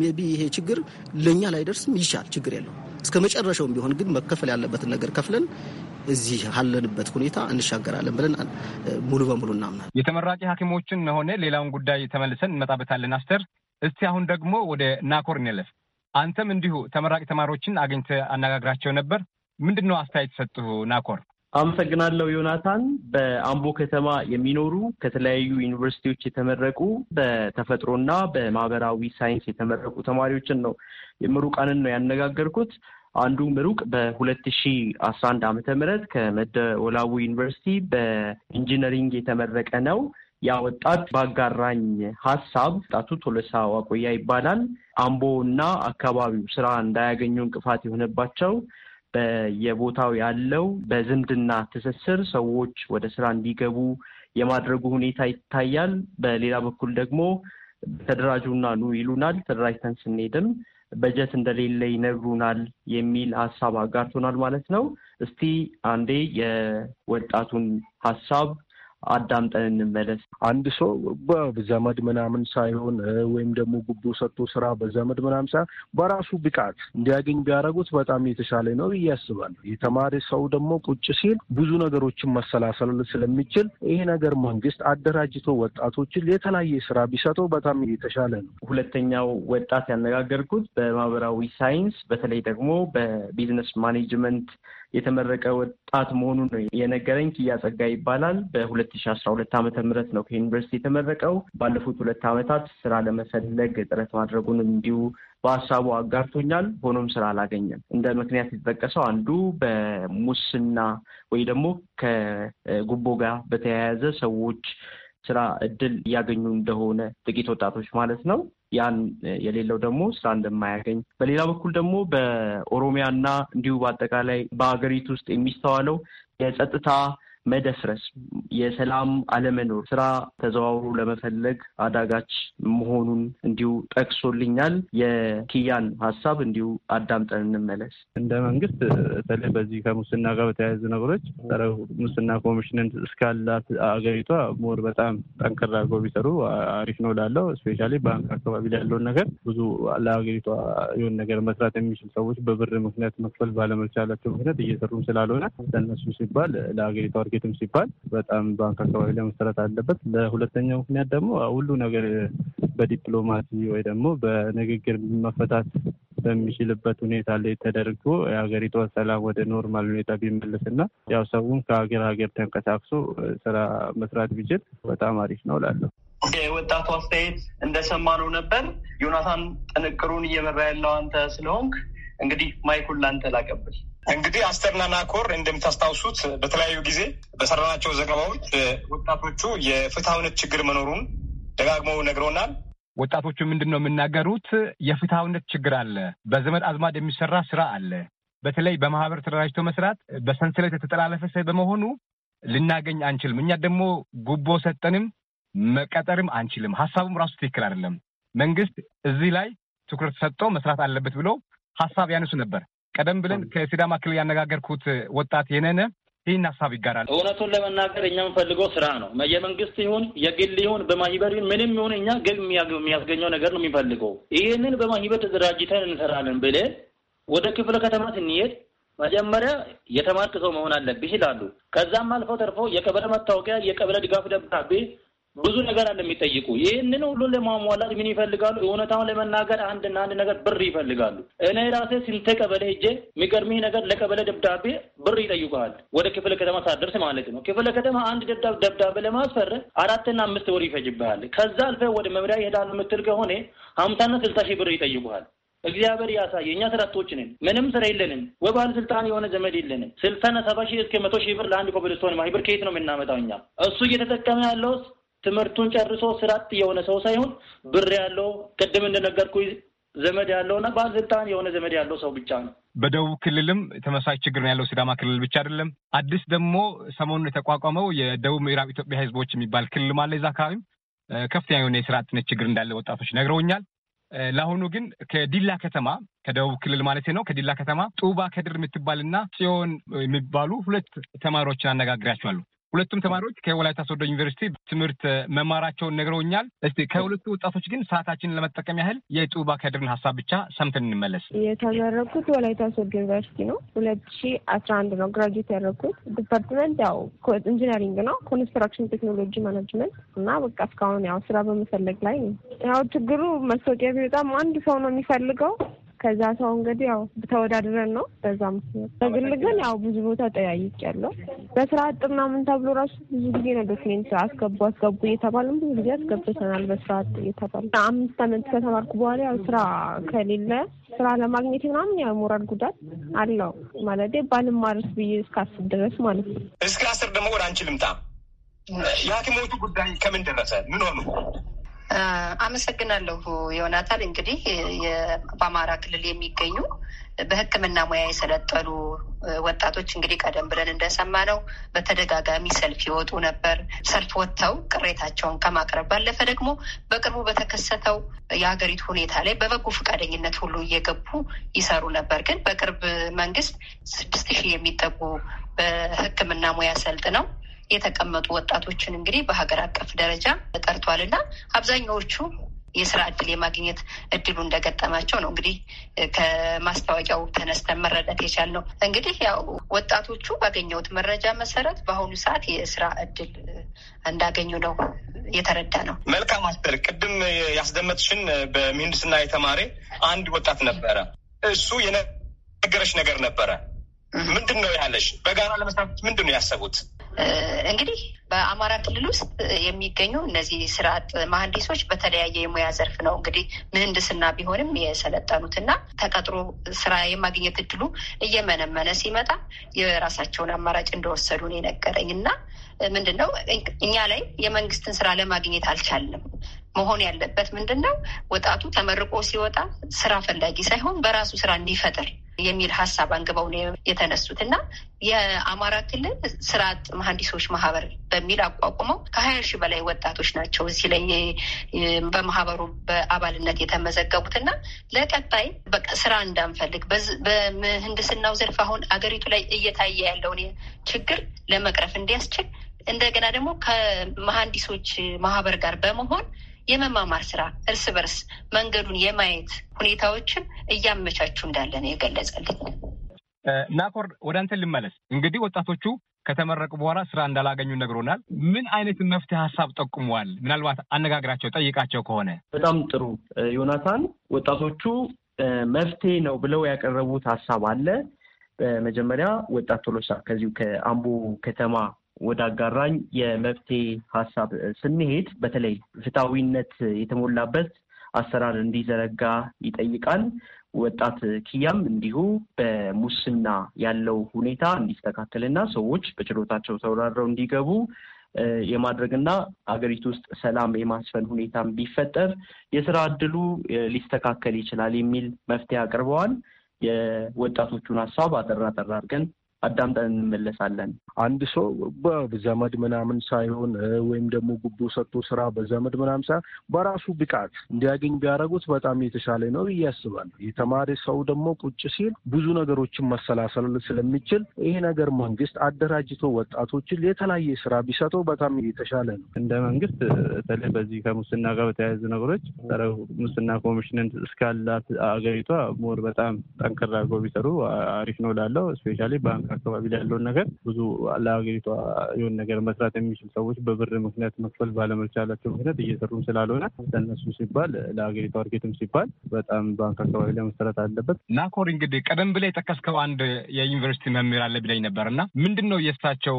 ሜቢ ይሄ ችግር ለእኛ ላይደርስም ይቻል ችግር የለው። እስከ መጨረሻውም ቢሆን ግን መከፈል ያለበትን ነገር ከፍለን እዚህ ያለንበት ሁኔታ እንሻገራለን ብለን ሙሉ በሙሉ እናምናል። የተመራቂ ሐኪሞችን ሆነ ሌላውን ጉዳይ ተመልሰን እንመጣበታለን። አስተር እስቲ አሁን ደግሞ ወደ ናኮር እንለፍ። አንተም እንዲሁ ተመራቂ ተማሪዎችን አግኝተ አነጋግራቸው ነበር። ምንድን ነው አስተያየት ሰጡ ናኮር? አመሰግናለሁ ዮናታን። በአምቦ ከተማ የሚኖሩ ከተለያዩ ዩኒቨርሲቲዎች የተመረቁ በተፈጥሮና በማህበራዊ ሳይንስ የተመረቁ ተማሪዎችን ነው የምሩቃንን ነው ያነጋገርኩት። አንዱ ምሩቅ በሁለት ሺ አስራ አንድ ዓመተ ምህረት ከመደወላቡ ዩኒቨርሲቲ በኢንጂነሪንግ የተመረቀ ነው። ያ ወጣት ባጋራኝ ሀሳብ ወጣቱ ቶለሳ ዋቆያ ይባላል። አምቦ እና አካባቢው ስራ እንዳያገኙ እንቅፋት የሆነባቸው በየቦታው ያለው በዝምድና ትስስር ሰዎች ወደ ስራ እንዲገቡ የማድረጉ ሁኔታ ይታያል። በሌላ በኩል ደግሞ ተደራጁና ኑ ይሉናል። ተደራጅተን ስንሄድም በጀት እንደሌለ ይነግሩናል የሚል ሀሳብ አጋርቶናል ማለት ነው። እስቲ አንዴ የወጣቱን ሀሳብ አዳምጠን እንመለስ። አንድ ሰው በዘመድ ምናምን ሳይሆን ወይም ደግሞ ጉቦ ሰጥቶ ስራ በዘመድ ምናምን ሳይሆን በራሱ ብቃት እንዲያገኝ ቢያደርጉት በጣም የተሻለ ነው ብዬ አስባለሁ። የተማሪ ሰው ደግሞ ቁጭ ሲል ብዙ ነገሮችን መሰላሰል ስለሚችል ይሄ ነገር መንግስት አደራጅቶ ወጣቶችን የተለያየ ስራ ቢሰጠው በጣም የተሻለ ነው። ሁለተኛው ወጣት ያነጋገርኩት በማህበራዊ ሳይንስ በተለይ ደግሞ በቢዝነስ ማኔጅመንት የተመረቀ ወጣት መሆኑን ነው የነገረኝ። ክያ ጸጋ ይባላል። በሁለት ሺ አስራ ሁለት ዓመተ ምህረት ነው ከዩኒቨርሲቲ የተመረቀው። ባለፉት ሁለት ዓመታት ስራ ለመፈለግ ጥረት ማድረጉን እንዲሁ በሀሳቡ አጋርቶኛል። ሆኖም ስራ አላገኘም። እንደ ምክንያት የተጠቀሰው አንዱ በሙስና ወይ ደግሞ ከጉቦ ጋር በተያያዘ ሰዎች ስራ እድል እያገኙ እንደሆነ ጥቂት ወጣቶች ማለት ነው ያን የሌለው ደግሞ ስራ እንደማያገኝ፣ በሌላ በኩል ደግሞ በኦሮሚያና እንዲሁ በአጠቃላይ በሀገሪቱ ውስጥ የሚስተዋለው የጸጥታ መደፍረስ፣ የሰላም አለመኖር፣ ስራ ተዘዋውሮ ለመፈለግ አዳጋች መሆኑን እንዲሁ ጠቅሶልኛል። የኪያን ሀሳብ እንዲሁ አዳምጠን እንመለስ። እንደ መንግስት በተለይ በዚህ ከሙስና ጋር በተያያዙ ነገሮች ጸረ ሙስና ኮሚሽንን እስካላት አገሪቷ ሞር በጣም ጠንከር አድርገው ቢሰሩ አሪፍ ነው ላለው ስፔሻሊ ባንክ አካባቢ ያለውን ነገር ብዙ ለሀገሪቷ የሆን ነገር መስራት የሚችል ሰዎች በብር ምክንያት መክፈል ባለመቻላቸው ምክንያት እየሰሩም ስላልሆነ ለነሱ ሲባል ለሀገሪቷ ለስኬትም ሲባል በጣም ባንክ አካባቢ ላይ መሰረት አለበት። ለሁለተኛው ምክንያት ደግሞ ሁሉ ነገር በዲፕሎማሲ ወይ ደግሞ በንግግር መፈታት በሚችልበት ሁኔታ ላይ ተደርጎ የሀገሪቷ ሰላም ወደ ኖርማል ሁኔታ ቢመለስና ያው ሰውን ከሀገር ሀገር ተንቀሳቅሶ ስራ መስራት ቢችል በጣም አሪፍ ነው እላለሁ። የወጣቱ አስተያየት እንደሰማ ነው ነበር። ዮናታን ጥንቅሩን እየመራ ያለው አንተ ስለሆንክ እንግዲህ ማይኩን ላንተ ላቀብል። እንግዲህ አስተርና ናኮር እንደምታስታውሱት በተለያዩ ጊዜ በሰራናቸው ዘገባዎች ወጣቶቹ የፍትሐዊነት ችግር መኖሩን ደጋግመው ነግረውናል። ወጣቶቹ ምንድን ነው የምናገሩት? የፍትሐዊነት ችግር አለ። በዘመድ አዝማድ የሚሰራ ስራ አለ። በተለይ በማህበር ተደራጅቶ መስራት በሰንሰለት የተጠላለፈ ሰ በመሆኑ ልናገኝ አንችልም። እኛ ደግሞ ጉቦ ሰጠንም መቀጠርም አንችልም። ሀሳቡም ራሱ ትክክል አይደለም። መንግስት እዚህ ላይ ትኩረት ሰጥቶ መስራት አለበት ብሎ ሀሳብ ያነሱ ነበር። ቀደም ብለን ከሲዳማ ክልል ያነጋገርኩት ወጣት የነነ ይህን ሀሳብ ይጋራል። እውነቱን ለመናገር እኛ የምንፈልገው ስራ ነው። የመንግስት ይሁን የግል ይሁን በማህበር ይሁን ምንም ይሁን እኛ ግል የሚያስገኘው ነገር ነው የሚፈልገው። ይህንን በማህበር ተደራጅተን እንሰራለን ብለን ወደ ክፍለ ከተማ ስንሄድ መጀመሪያ የተማርክ ሰው መሆን አለብህ ይላሉ። ከዛም አልፎ ተርፎ የቀበሌ መታወቂያ፣ የቀበሌ ድጋፍ ደብዳቤ ብዙ ነገር አለ የሚጠይቁ። ይህንን ሁሉ ለማሟላት ምን ይፈልጋሉ? እውነታውን ለመናገር አንድና አንድ ነገር ብር ይፈልጋሉ። እኔ ራሴ ስንቴ ቀበሌ ሄጄ የሚገርምህ ነገር ለቀበሌ ደብዳቤ ብር ይጠይቀሃል። ወደ ክፍለ ከተማ ሳደርስ ማለት ነው። ክፍለ ከተማ አንድ ደብዳቤ ደብዳቤ ለማስፈረም አራትና አምስት ወር ይፈጅብሃል። ከዛ አልፈ ወደ መምሪያ ይሄዳሉ የምትል ከሆነ ሀምሳና ስልሳ ሺህ ብር ይጠይቁሃል። እግዚአብሔር ያሳየ። እኛ ስራቶች ነን፣ ምንም ስራ የለንም። ወይ ባለስልጣን የሆነ ዘመድ የለንም። ስልሳና ሰባ ሺህ እስከ መቶ ሺህ ብር ለአንድ ኮብልስቶን ማህበር ከየት ነው የምናመጣው እኛ? እሱ እየተጠቀመ ያለውስ ትምህርቱን ጨርሶ ስራ አጥ የሆነ ሰው ሳይሆን ብር ያለው ቅድም እንደነገርኩ ዘመድ ያለውና ባለስልጣን የሆነ ዘመድ ያለው ሰው ብቻ ነው። በደቡብ ክልልም ተመሳሳይ ችግር ነው ያለው። ሲዳማ ክልል ብቻ አይደለም። አዲስ ደግሞ ሰሞኑን የተቋቋመው የደቡብ ምዕራብ ኢትዮጵያ ህዝቦች የሚባል ክልል አለ። እዛ አካባቢም ከፍተኛ የሆነ የስራ አጥነት ችግር እንዳለ ወጣቶች ነግረውኛል። ለአሁኑ ግን ከዲላ ከተማ ከደቡብ ክልል ማለት ነው። ከዲላ ከተማ ጡባ ከድር የምትባልና ጽዮን የሚባሉ ሁለት ተማሪዎችን አነጋግሬያቸዋለሁ። ሁለቱም ተማሪዎች ከወላይታ ሶዶ ዩኒቨርሲቲ ትምህርት መማራቸውን ነግረውኛል። እስቲ ከሁለቱ ወጣቶች ግን ሰዓታችንን ለመጠቀም ያህል የጡባ ከድርን ሀሳብ ብቻ ሰምተን እንመለስ። የተመረኩት ወላይታ ሶዶ ዩኒቨርሲቲ ነው። ሁለት ሺ አስራ አንድ ነው ግራጁዌት ያደረኩት። ዲፓርትመንት ያው ኢንጂነሪንግ ነው፣ ኮንስትራክሽን ቴክኖሎጂ ማናጅመንት እና በቃ እስካሁን ያው ስራ በመፈለግ ላይ ነው። ያው ችግሩ መስታወቂያ ቢወጣም አንድ ሰው ነው የሚፈልገው ከዛ ሰው እንግዲህ ያው ተወዳድረን ነው። በዛ ምክንያት በግል ግን ያው ብዙ ቦታ ጠያይቅ ያለው በስራ አጥ ምናምን ተብሎ ራሱ ብዙ ጊዜ ነው ዶክሜንት አስገቡ አስገቡ እየተባልን ብዙ ጊዜ አስገብተናል። በስራ አጥ እየተባልን አምስት አመት ከተማርኩ በኋላ ያው ስራ ከሌለ ስራ ለማግኘት ምናምን ያው ሞራል ጉዳት አለው ማለት ባልማርስ ብዬ እስከ አስር ድረስ ማለት ነው። እስከ አስር ደግሞ ወደ አንቺ ልምጣ። የሐኪሞቹ ጉዳይ ከምን ደረሰ? ምን ሆኑ? አመሰግናለሁ ዮናታን። እንግዲህ በአማራ ክልል የሚገኙ በሕክምና ሙያ የሰለጠኑ ወጣቶች እንግዲህ ቀደም ብለን እንደሰማ ነው። በተደጋጋሚ ሰልፍ ይወጡ ነበር። ሰልፍ ወጥተው ቅሬታቸውን ከማቅረብ ባለፈ ደግሞ በቅርቡ በተከሰተው የሀገሪቱ ሁኔታ ላይ በበጎ ፈቃደኝነት ሁሉ እየገቡ ይሰሩ ነበር። ግን በቅርብ መንግስት ስድስት ሺህ የሚጠጉ በሕክምና ሙያ ሰልጥ ነው የተቀመጡ ወጣቶችን እንግዲህ በሀገር አቀፍ ደረጃ ተጠርቷል እና አብዛኛዎቹ የስራ እድል የማግኘት እድሉ እንደገጠማቸው ነው እንግዲህ ከማስታወቂያው ተነስተን መረዳት የቻልነው። እንግዲህ ያው ወጣቶቹ ባገኘሁት መረጃ መሰረት በአሁኑ ሰዓት የስራ እድል እንዳገኙ ነው የተረዳ ነው። መልካም አስተር፣ ቅድም ያስደመጥሽን በምህንድስና የተማረ አንድ ወጣት ነበረ። እሱ የነገረች ነገር ነበረ ምንድን ነው ያለሽ? በጋራ ለመስራት ምንድን ነው ያሰቡት? እንግዲህ በአማራ ክልል ውስጥ የሚገኙ እነዚህ ስራ መሀንዲሶች በተለያየ የሙያ ዘርፍ ነው እንግዲህ ምህንድስና ቢሆንም የሰለጠኑት እና ተቀጥሮ ስራ የማግኘት እድሉ እየመነመነ ሲመጣ የራሳቸውን አማራጭ እንደወሰዱ ነው የነገረኝ እና ምንድን ነው እኛ ላይ የመንግስትን ስራ ለማግኘት አልቻልንም። መሆን ያለበት ምንድን ነው ወጣቱ ተመርቆ ሲወጣ ስራ ፈላጊ ሳይሆን በራሱ ስራ እንዲፈጥር የሚል ሀሳብ አንግበው ነው የተነሱት እና የአማራ ክልል ስራ አጥ መሀንዲሶች ማህበር በሚል አቋቁመው ከሀያ ሺህ በላይ ወጣቶች ናቸው እዚህ ላይ በማህበሩ በአባልነት የተመዘገቡት እና ለቀጣይ ስራ እንዳንፈልግ በምህንድስናው ዘርፍ አሁን አገሪቱ ላይ እየታየ ያለውን ችግር ለመቅረፍ እንዲያስችል እንደገና ደግሞ ከመሀንዲሶች ማህበር ጋር በመሆን የመማማር ስራ እርስ በርስ መንገዱን የማየት ሁኔታዎችን እያመቻቹ እንዳለ ነው የገለጸልኝ። ናኮር ወደ አንተ ልመለስ። እንግዲህ ወጣቶቹ ከተመረቁ በኋላ ስራ እንዳላገኙ ነግሮናል። ምን አይነት መፍትሄ ሀሳብ ጠቁመዋል? ምናልባት አነጋግራቸው ጠይቃቸው ከሆነ በጣም ጥሩ ዮናታን። ወጣቶቹ መፍትሄ ነው ብለው ያቀረቡት ሀሳብ አለ። በመጀመሪያ ወጣት ቶሎሳ ከዚሁ ከአምቦ ከተማ ወደ አጋራኝ የመፍትሄ ሀሳብ ስንሄድ በተለይ ፍትሐዊነት የተሞላበት አሰራር እንዲዘረጋ ይጠይቃል። ወጣት ኪያም እንዲሁ በሙስና ያለው ሁኔታ እንዲስተካከልና ሰዎች በችሎታቸው ተወዳድረው እንዲገቡ የማድረግና አገሪቱ ውስጥ ሰላም የማስፈን ሁኔታም ቢፈጠር የስራ እድሉ ሊስተካከል ይችላል የሚል መፍትሄ አቅርበዋል። የወጣቶቹን ሀሳብ አጠራ ጠራ አድርገን አዳምጠን እንመለሳለን። አንድ ሰው በዘመድ ምናምን ሳይሆን ወይም ደግሞ ጉቦ ሰጥቶ ስራ በዘመድ ምናምን ሳይሆን በራሱ ብቃት እንዲያገኝ ቢያደርጉት በጣም የተሻለ ነው ብዬ አስባለሁ። የተማሪ ሰው ደግሞ ቁጭ ሲል ብዙ ነገሮችን መሰላሰል ስለሚችል ይሄ ነገር መንግስት አደራጅቶ ወጣቶችን የተለያየ ስራ ቢሰጠው በጣም የተሻለ ነው። እንደ መንግስት በተለይ በዚህ ከሙስና ጋር በተያያዙ ነገሮች ሙስና ኮሚሽንን እስካላት አገሪቷ ሞር በጣም ጠንከር አድርገው ቢሰሩ አሪፍ ነው ላለው ስፔሻሊ ባንክ አካባቢ ያለውን ነገር ብዙ ለሀገሪቷ የሆን ነገር መስራት የሚችል ሰዎች በብር ምክንያት መክፈል ባለመቻላቸው ምክንያት እየሰሩም ስላልሆነ ለነሱ ሲባል ለሀገሪቷ እድገትም ሲባል በጣም ባንክ አካባቢ ላይ መሰረት አለበት። ናኮር እንግዲህ ቀደም ብላ የጠቀስከው አንድ የዩኒቨርሲቲ መምህር አለ ብላኝ ነበር እና ምንድን ነው የእሳቸው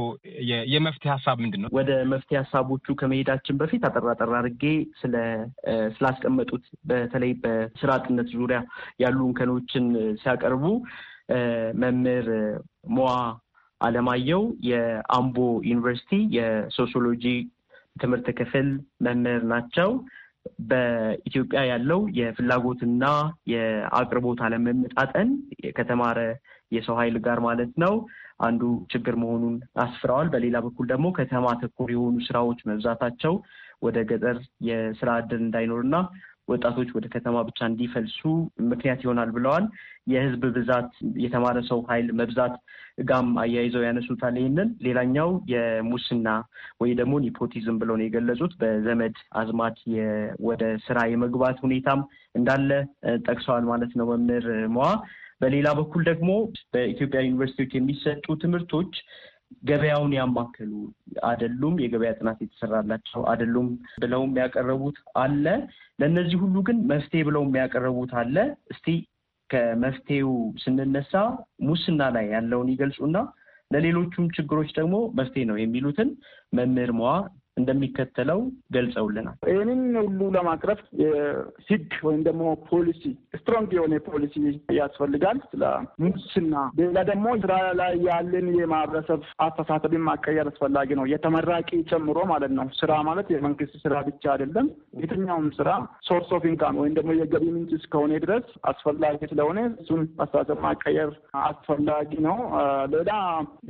የመፍትሄ ሀሳብ ምንድን ነው? ወደ መፍትሄ ሀሳቦቹ ከመሄዳችን በፊት አጠራጠር ጠራ አድርጌ ስላስቀመጡት በተለይ በስራ አጥነት ዙሪያ ያሉ እንከኖችን ሲያቀርቡ መምህር ሞዋ አለማየው የአምቦ ዩኒቨርሲቲ የሶሲዮሎጂ ትምህርት ክፍል መምህር ናቸው። በኢትዮጵያ ያለው የፍላጎትና የአቅርቦት አለመመጣጠን ከተማረ የሰው ኃይል ጋር ማለት ነው አንዱ ችግር መሆኑን አስፍረዋል። በሌላ በኩል ደግሞ ከተማ ተኮር የሆኑ ስራዎች መብዛታቸው ወደ ገጠር የስራ እድል እንዳይኖርና ወጣቶች ወደ ከተማ ብቻ እንዲፈልሱ ምክንያት ይሆናል ብለዋል። የህዝብ ብዛት፣ የተማረ ሰው ኃይል መብዛት ጋም አያይዘው ያነሱታል። ይህንን ሌላኛው የሙስና ወይ ደግሞ ኒፖቲዝም ብለው ነው የገለጹት። በዘመድ አዝማት ወደ ስራ የመግባት ሁኔታም እንዳለ ጠቅሰዋል ማለት ነው መምህር መዋ። በሌላ በኩል ደግሞ በኢትዮጵያ ዩኒቨርሲቲዎች የሚሰጡ ትምህርቶች ገበያውን ያማከሉ አይደሉም፣ የገበያ ጥናት የተሰራላቸው አይደሉም ብለው የሚያቀረቡት አለ። ለእነዚህ ሁሉ ግን መፍትሄ ብለው የሚያቀረቡት አለ። እስቲ ከመፍትሄው ስንነሳ ሙስና ላይ ያለውን ይገልጹና ለሌሎቹም ችግሮች ደግሞ መፍትሄ ነው የሚሉትን መምህር መዋ እንደሚከተለው ገልጸውልናል። ይህንን ሁሉ ለማቅረብ የህግ ወይም ደግሞ ፖሊሲ ስትሮንግ የሆነ ፖሊሲ ያስፈልጋል። ስለ ሙስና ሌላ ደግሞ ስራ ላይ ያለን የማህበረሰብ አስተሳሰብን ማቀየር አስፈላጊ ነው። የተመራቂ ጨምሮ ማለት ነው። ስራ ማለት የመንግስት ስራ ብቻ አይደለም። የትኛውም ስራ ሶርስ ኦፍ ኢንካም ወይም ደግሞ የገቢ ምንጭ እስከሆነ ድረስ አስፈላጊ ስለሆነ እሱን አስተሳሰብ ማቀየር አስፈላጊ ነው። ሌላ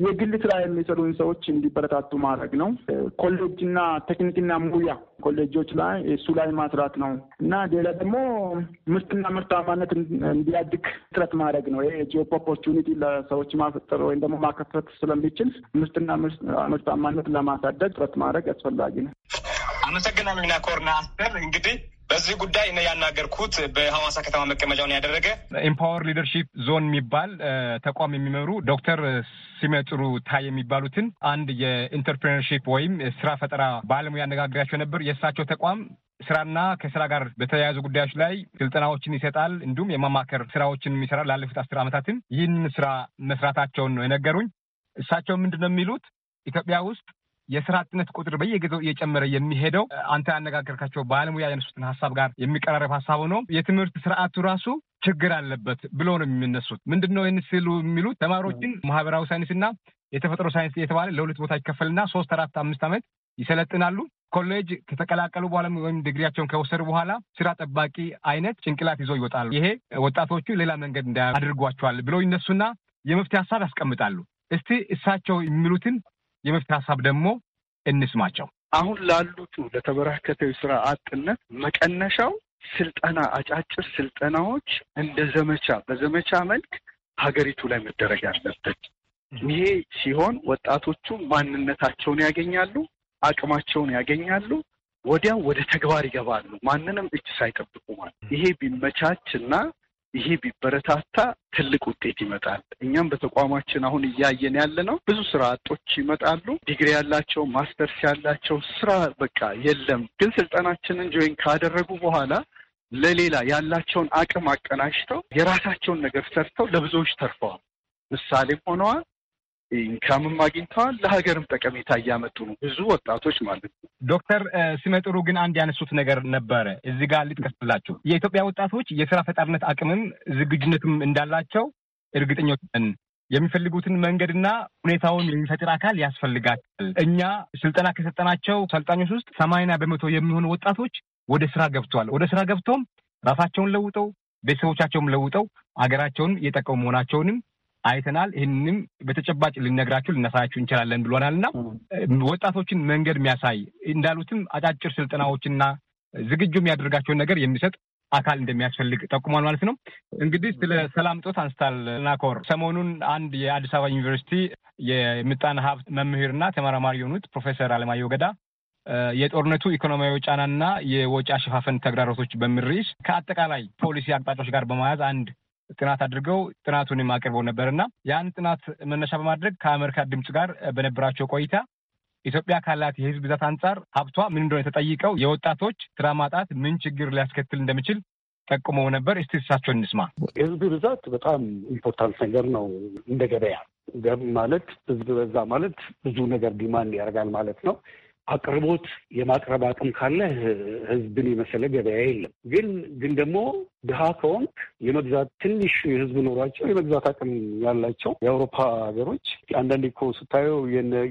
የግል ስራ የሚሰሩን ሰዎች እንዲበረታቱ ማድረግ ነው። ኮሌጅና እና ቴክኒክና ሙያ ኮሌጆች ላይ እሱ ላይ ማስራት ነው እና ሌላ ደግሞ ምርትና ምርታማነት እንዲያድግ ጥረት ማድረግ ነው። ይሄ ጆብ ኦፖርቹኒቲ ለሰዎች ማፈጠር ወይም ደግሞ ማከፈት ስለሚችል ምርትና ምርታማነት ለማሳደግ ጥረት ማድረግ አስፈላጊ ነው። አመሰግናለሁ። ናኮርና እንግዲህ በዚህ ጉዳይ እነ ያናገርኩት በሐዋሳ ከተማ መቀመጫውን ያደረገ ኤምፓወር ሊደርሺፕ ዞን የሚባል ተቋም የሚመሩ ዶክተር ሲመጥሩ ታይ የሚባሉትን አንድ የኢንተርፕሬነርሺፕ ወይም ስራ ፈጠራ ባለሙያ ያነጋግሪያቸው ነበር። የእሳቸው ተቋም ስራና ከስራ ጋር በተያያዙ ጉዳዮች ላይ ስልጠናዎችን ይሰጣል፣ እንዲሁም የማማከር ስራዎችን የሚሰራ ላለፉት አስር ዓመታትም ይህንን ስራ መስራታቸውን ነው የነገሩኝ። እሳቸው ምንድን ነው የሚሉት ኢትዮጵያ ውስጥ የስራ አጥነት ቁጥር በየጊዜው እየጨመረ የሚሄደው አንተ ያነጋገርካቸው ባለሙያ የነሱትን ሀሳብ ጋር የሚቀራረብ ሀሳቡ ነው። የትምህርት ስርዓቱ ራሱ ችግር አለበት ብሎ ነው የሚነሱት። ምንድን ነው ይህን ሲሉ የሚሉት ተማሪዎችን ማህበራዊ ሳይንስና የተፈጥሮ ሳይንስ የተባለ ለሁለት ቦታ ይከፈልና ሶስት አራት አምስት ዓመት ይሰለጥናሉ። ኮሌጅ ከተቀላቀሉ በኋላ ወይም ድግሪያቸውን ከወሰዱ በኋላ ስራ ጠባቂ አይነት ጭንቅላት ይዘው ይወጣሉ። ይሄ ወጣቶቹ ሌላ መንገድ እንዳያድርጓቸዋል ብለው ይነሱና የመፍትሄ ሀሳብ ያስቀምጣሉ። እስቲ እሳቸው የሚሉትን የመፍትሄ ሀሳብ ደግሞ እንስማቸው። አሁን ላሉቱ ለተበራከተው ስራ አጥነት መቀነሻው ስልጠና፣ አጫጭር ስልጠናዎች እንደ ዘመቻ በዘመቻ መልክ ሀገሪቱ ላይ መደረግ ያለበት ይሄ ሲሆን ወጣቶቹ ማንነታቸውን ያገኛሉ፣ አቅማቸውን ያገኛሉ፣ ወዲያው ወደ ተግባር ይገባሉ፣ ማንንም እጅ ሳይጠብቁ ማለት ይሄ ቢመቻች እና ይሄ ቢበረታታ ትልቅ ውጤት ይመጣል። እኛም በተቋማችን አሁን እያየን ያለ ነው። ብዙ ስራ አጦች ይመጣሉ። ዲግሪ ያላቸው፣ ማስተርስ ያላቸው ስራ በቃ የለም። ግን ስልጠናችንን ጆይን ካደረጉ በኋላ ለሌላ ያላቸውን አቅም አቀናጅተው የራሳቸውን ነገር ሰርተው ለብዙዎች ተርፈዋል፣ ምሳሌም ሆነዋል። ኢንካምም አግኝተዋል። ለሀገርም ጠቀሜታ እያመጡ ነው ብዙ ወጣቶች ማለት ነው። ዶክተር ሲመጥሩ ግን አንድ ያነሱት ነገር ነበረ እዚህ ጋር ልጥቀስላችሁ። የኢትዮጵያ ወጣቶች የስራ ፈጣሪነት አቅምም ዝግጁነትም እንዳላቸው እርግጠኞች ነን። የሚፈልጉትን መንገድና ሁኔታውን የሚፈጥር አካል ያስፈልጋል። እኛ ስልጠና ከሰጠናቸው ሰልጣኞች ውስጥ ሰማንያ በመቶ የሚሆኑ ወጣቶች ወደ ስራ ገብተዋል። ወደ ስራ ገብቶም ራሳቸውን ለውጠው ቤተሰቦቻቸውም ለውጠው ሀገራቸውን የጠቀሙ መሆናቸውንም አይተናል። ይህንም በተጨባጭ ልነግራችሁ ልናሳያችሁ እንችላለን ብሎናል እና ወጣቶችን መንገድ የሚያሳይ እንዳሉትም አጫጭር ስልጠናዎችና ዝግጁ የሚያደርጋቸውን ነገር የሚሰጥ አካል እንደሚያስፈልግ ጠቁሟል ማለት ነው። እንግዲህ ስለ ሰላም ጦት አንስታል ናኮር ሰሞኑን አንድ የአዲስ አበባ ዩኒቨርሲቲ የምጣነ ሀብት መምህርና ተመራማሪ የሆኑት ፕሮፌሰር አለማየሁ ገዳ የጦርነቱ ኢኮኖሚያዊ ጫናና የወጪ አሸፋፈን ተግዳሮቶች በሚል ርዕስ ከአጠቃላይ ፖሊሲ አቅጣጫዎች ጋር በመያዝ አንድ ጥናት አድርገው ጥናቱን የማቀርበው ነበር እና ያን ጥናት መነሻ በማድረግ ከአሜሪካ ድምፅ ጋር በነበራቸው ቆይታ ኢትዮጵያ ካላት የህዝብ ብዛት አንጻር ሀብቷ ምን እንደሆነ የተጠይቀው የወጣቶች ስራ ማጣት ምን ችግር ሊያስከትል እንደሚችል ጠቁመው ነበር። እስቲ እሳቸውን እንስማ። የህዝብ ብዛት በጣም ኢምፖርታንት ነገር ነው እንደ ገበያ ገብ ማለት ህዝብ በዛ ማለት ብዙ ነገር ዲማንድ ያደርጋል ማለት ነው። አቅርቦት የማቅረብ አቅም ካለ ህዝብን የመሰለ ገበያ የለም። ግን ግን ደግሞ ድሃ ከሆንክ የመግዛት ትንሽ ህዝብ ኖሯቸው የመግዛት አቅም ያላቸው የአውሮፓ ሀገሮች አንዳንድ እኮ ስታየው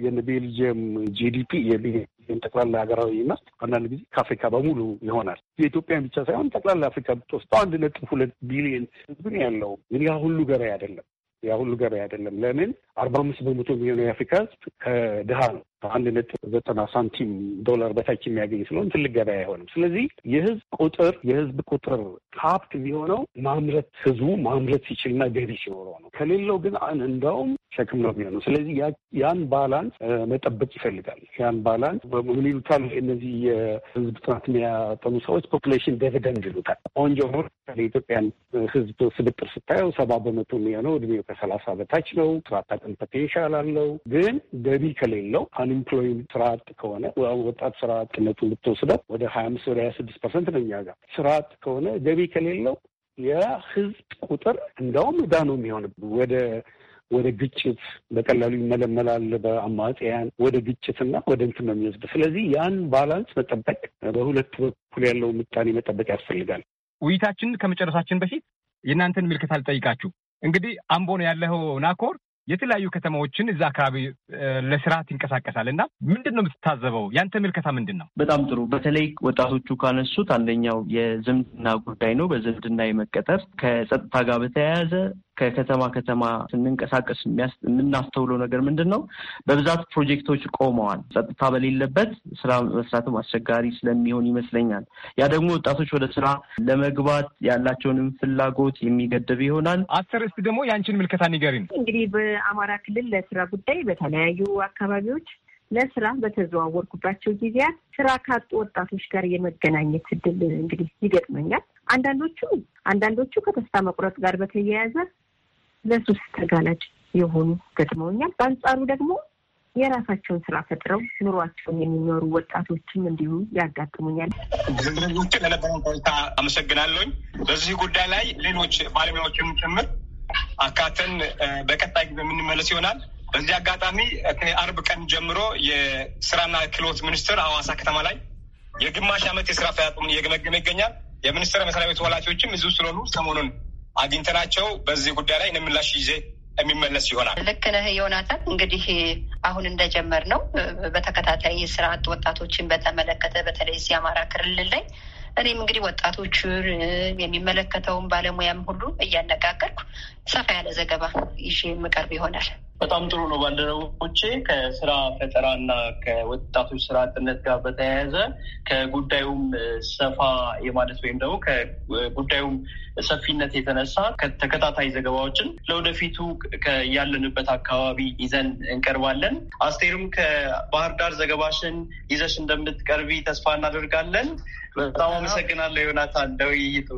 የነ ቤልጅየም ጂዲፒ የቤልጅየም ጠቅላላ ሀገራዊ ምርት አንዳንድ ጊዜ ከአፍሪካ በሙሉ ይሆናል። የኢትዮጵያን ብቻ ሳይሆን ጠቅላላ አፍሪካ ብትወስደው አንድ ነጥብ ሁለት ቢሊየን ህዝብን ያለው። ግን ያ ሁሉ ገበያ አይደለም ያ ሁሉ ገበያ አይደለም። ለምን አርባ አምስት በመቶ የሚሆነው የአፍሪካ ህዝብ ከድሃ ነው። አንድ ነጥብ ዘጠና ሳንቲም ዶላር በታች የሚያገኝ ስለሆን ትልቅ ገበያ አይሆንም። ስለዚህ የህዝብ ቁጥር የህዝብ ቁጥር ሀብት የሚሆነው ማምረት ህዝቡ ማምረት ሲችልና ገቢ ሲኖረው ነው። ከሌለው ግን እንደውም ሸክም ነው የሚሆነው። ስለዚህ ያን ባላንስ መጠበቅ ይፈልጋል። ያን ባላንስ ምን ይሉታል እነዚህ የህዝብ ጥናት የሚያጠኑ ሰዎች ፖፕሌሽን ደቪደንድ ይሉታል። ኦንጆ የኢትዮጵያን ህዝብ ስብጥር ስታየው ሰባ በመቶ የሚሆነው እድሜው ከሰላሳ በታች ነው። ስራ አጥነት ፖቴንሻል አለው። ግን ገቢ ከሌለው አንኢምፕሎይም ስራ አጥ ከሆነ ወጣት ስራ አጥነቱን ብትወስደው ወደ ሀያ አምስት ወደ ሀያ ስድስት ፐርሰንት ነው እኛ ጋር ስራ አጥ ከሆነ ገቢ ከሌለው የህዝብ ቁጥር እንደውም እዳ ነው የሚሆንብህ ወደ ወደ ግጭት በቀላሉ ይመለመላል በአማጽያን ወደ ግጭትና ወደ እንትን ነው የሚወስድ። ስለዚህ ያን ባላንስ መጠበቅ በሁለት በኩል ያለው ምጣኔ መጠበቅ ያስፈልጋል። ውይይታችን ከመጨረሳችን በፊት የእናንተን ምልከታ ልጠይቃችሁ። እንግዲህ አምቦ ነው ያለው ናኮር የተለያዩ ከተማዎችን እዛ አካባቢ ለስርዓት ይንቀሳቀሳል እና ምንድን ነው የምትታዘበው? ያንተ ምልከታ ምንድን ነው? በጣም ጥሩ። በተለይ ወጣቶቹ ካነሱት አንደኛው የዝምድና ጉዳይ ነው። በዝምድና የመቀጠር ከጸጥታ ጋር በተያያዘ ከከተማ ከተማ ስንንቀሳቀስ የምናስተውለው ነገር ምንድን ነው? በብዛት ፕሮጀክቶች ቆመዋል። ጸጥታ በሌለበት ስራ መስራትም አስቸጋሪ ስለሚሆን ይመስለኛል። ያ ደግሞ ወጣቶች ወደ ስራ ለመግባት ያላቸውንም ፍላጎት የሚገድብ ይሆናል። አስር እስቲ ደግሞ ያንቺን ምልከታ ንገሪን። እንግዲህ በአማራ ክልል ለስራ ጉዳይ በተለያዩ አካባቢዎች ለስራ በተዘዋወርኩባቸው ጊዜያት ስራ ካጡ ወጣቶች ጋር የመገናኘት እድል እንግዲህ ይገጥመኛል። አንዳንዶቹ አንዳንዶቹ ከተስፋ መቁረጥ ጋር በተያያዘ ለሱስ ተጋላጭ የሆኑ ገጥመውኛል። በአንጻሩ ደግሞ የራሳቸውን ስራ ፈጥረው ኑሯቸውን የሚኖሩ ወጣቶችም እንዲሁ ያጋጥሙኛል። ውጭ ለነበረን ቆይታ አመሰግናለሁኝ። በዚህ ጉዳይ ላይ ሌሎች ባለሙያዎችም ጭምር አካተን በቀጣይ ጊዜ የምንመለስ ይሆናል። በዚህ አጋጣሚ አርብ ቀን ጀምሮ የስራና ክህሎት ሚኒስቴር ሐዋሳ ከተማ ላይ የግማሽ ዓመት የስራ ፈያጥሙን እየገመገመ ይገኛል። የሚኒስቴር መስሪያ ቤቱ ኃላፊዎችም እዚሁ ስለሆኑ ሰሞኑን አግኝተናቸው በዚህ ጉዳይ ላይ ንምላሽ ይዜ የሚመለስ ይሆናል። ልክ ነህ ዮናታን። እንግዲህ አሁን እንደጀመር ነው በተከታታይ የስራ አጥ ወጣቶችን በተመለከተ በተለይ እዚህ አማራ ክልል ላይ እኔም እንግዲህ ወጣቶቹን የሚመለከተውን ባለሙያም ሁሉ እያነጋገርኩ ሰፋ ያለ ዘገባ ይዤ የምቀርብ ይሆናል። በጣም ጥሩ ነው። ባልደረቦቼ ከስራ ፈጠራና ከወጣቶች ስራ አጥነት ጋር በተያያዘ ከጉዳዩም ሰፋ የማለት ወይም ደግሞ ከጉዳዩም ሰፊነት የተነሳ ተከታታይ ዘገባዎችን ለወደፊቱ ያለንበት አካባቢ ይዘን እንቀርባለን። አስቴርም ከባህር ዳር ዘገባሽን ይዘሽ እንደምትቀርቢ ተስፋ እናደርጋለን። በጣም አመሰግናለሁ ዮናታን ለውይይቱ።